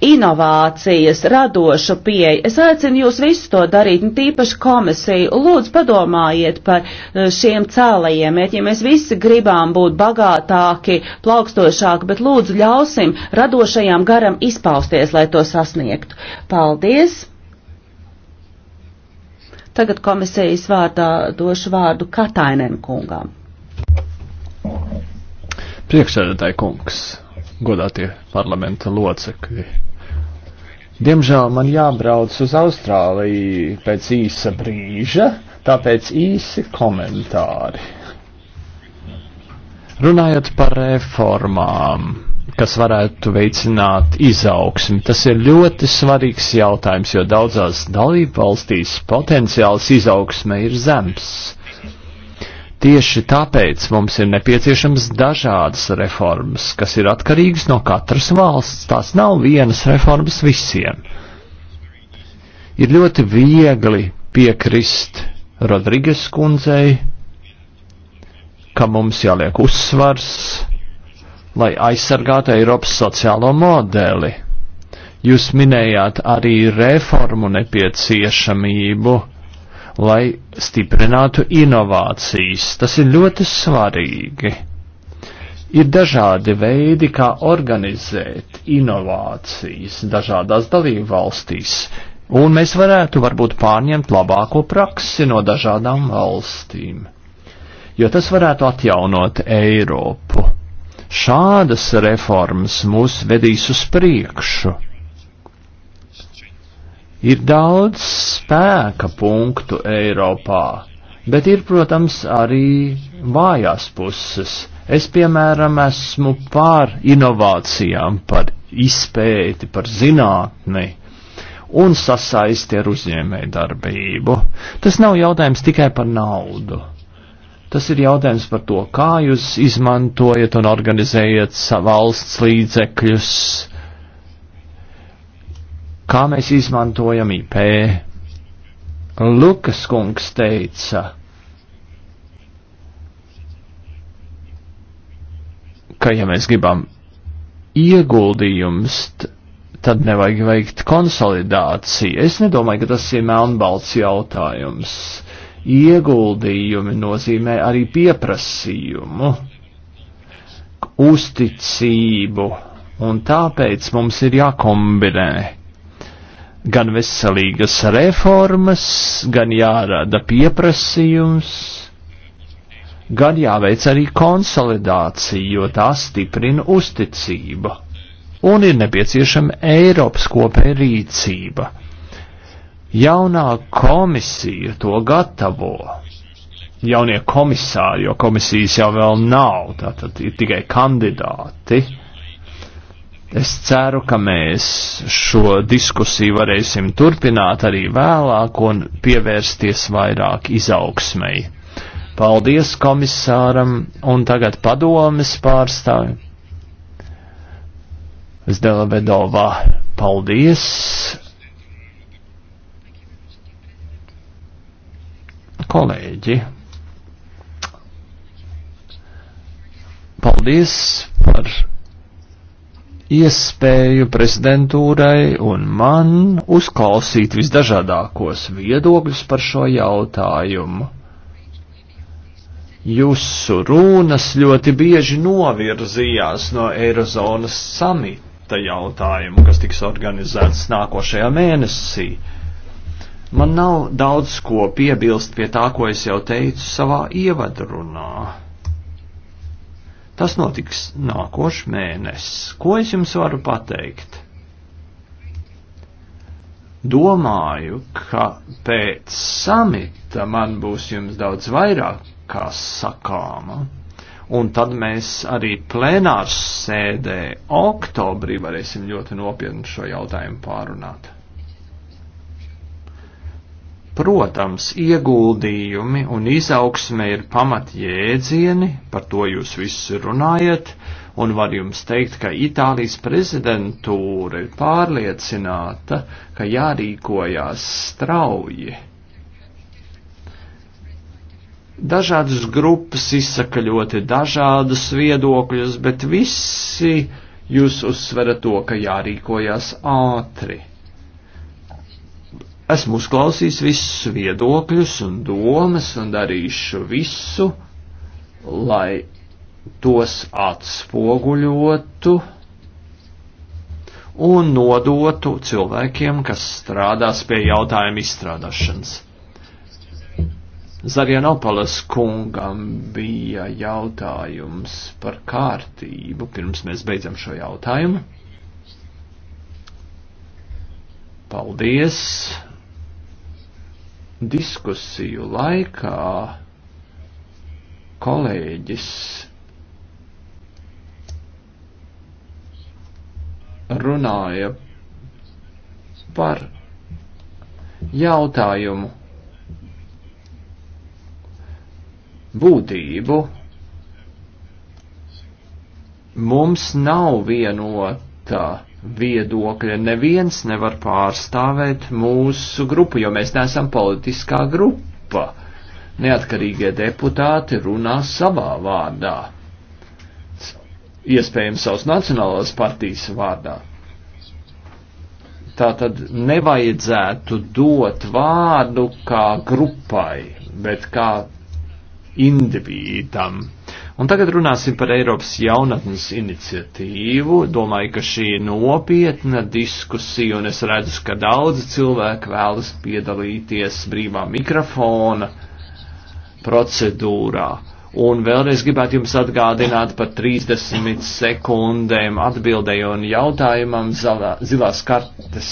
inovācijas, radošu pieeju. Es aicinu jūs visus to darīt, un tīpaši komisiju. Lūdzu, padomājiet par eh, šiem cēlajiem mērķiem. Mēs visi gribām būt bagātāki, plaukstošāki, bet lūdzu ļausim radošajām garam izpausties, lai to sasniegtu. Paldies! Tagad komisijas vārdā došu vārdu Katainen kungām. Priekšsēdētāji kungs, godātie parlamenta locekļi. Diemžēl man jābrauc uz Austrāliju pēc īsa brīža, tāpēc īsi komentāri. Runājot par reformām, kas varētu veicināt izaugsmi, tas ir ļoti svarīgs jautājums, jo daudzās dalību valstīs potenciāls izaugsme ir zems. Tieši tāpēc mums ir nepieciešams dažādas reformas, kas ir atkarīgas no katras valsts. Tās nav vienas reformas visiem. Ir ļoti viegli piekrist Rodrigas kundzei, ka mums jāliek uzsvars, lai aizsargātu Eiropas sociālo modeli. Jūs minējāt arī reformu nepieciešamību lai stiprinātu inovācijas. Tas ir ļoti svarīgi. Ir dažādi veidi, kā organizēt inovācijas dažādās dalību valstīs, un mēs varētu varbūt pārņemt labāko praksi no dažādām valstīm, jo tas varētu atjaunot Eiropu. Šādas reformas mūs vedīs uz priekšu Ir daudz spēka punktu Eiropā, bet ir, protams, arī vājās puses. Es, piemēram, esmu pār inovācijām, par izpēti, par zinātni un sasaisti ar uzņēmēju darbību. Tas nav jautājums tikai par naudu. Tas ir jautājums par to, kā jūs izmantojat un organizējat valsts līdzekļus, kā mēs izmantojam IP. Lukas kungs teica, ka ja mēs gribam ieguldījums, tad nevajag veikt konsolidāciju. Es nedomāju, ka tas ir melnbalts jautājums. Ieguldījumi nozīmē arī pieprasījumu, uzticību, un tāpēc mums ir jākombinē gan veselīgas reformas, gan jārada pieprasījums, gan jāveic arī konsolidācija, jo tā stiprina uzticību. Un ir nepieciešama Eiropas kopēja rīcība. Jaunā komisija to gatavo. Jaunie komisāri, jo komisijas jau vēl nav, tātad ir tikai kandidāti Es ceru, ka mēs šo diskusiju varēsim turpināt arī vēlāk un pievērsties vairāk izaugsmai. Paldies komisāram un tagad padomes pārstāvi. Zdelavedovā, paldies. Kolēģi, paldies par iespēju prezidentūrai un man uzklausīt visdažādākos viedokļus par šo jautājumu. Jūsu runas ļoti bieži novirzījās no Eirozonas samita jautājumu, kas tiks organizēts nākošajā mēnesī. Man nav daudz ko piebilst pie tā, ko es jau teicu savā ievadrunā Tas notiks nākošais mēnesis. Ko es jums varu pateikt? Domāju, ka pēc samita man būs jums daudz vairāk kā sakāma, un tad mēs arī plenārs sēdē oktobrī varēsim ļoti nopietni šo jautājumu pārunāt. Protams, ieguldījumi un izaugsme ir pamatjēdzieni, par to jūs visi runājat, un var jums teikt, ka Itālijas prezidentūra ir pārliecināta, ka jārīkojās strauji. Dažādas grupas izsaka ļoti dažādus viedokļus, bet visi jūs uzsverat to, ka jārīkojās ātri. Esmu uzklausījis visus viedokļus un domas un darīšu visu, lai tos atspoguļotu un nodotu cilvēkiem, kas strādās pie jautājuma izstrādāšanas. Zarianopalas kungam bija jautājums par kārtību, pirms mēs beidzam šo jautājumu. Paldies! diskusiju laikā kolēģis runāja par jautājumu būtību. Mums nav vienota viedokļa neviens nevar pārstāvēt mūsu grupu, jo mēs neesam politiskā grupa. Neatkarīgie deputāti runā savā vārdā, iespējams savas nacionālās partijas vārdā. Tā tad nevajadzētu dot vārdu kā grupai, bet kā individam. Un tagad runāsim par Eiropas jaunatnes iniciatīvu. Domāju, ka šī ir nopietna diskusija, un es redzu, ka daudzi cilvēki vēlas piedalīties brīvā mikrofona procedūrā. Un vēlreiz gribētu jums atgādināt par 30 sekundēm atbildēju un jautājumam zilās kartes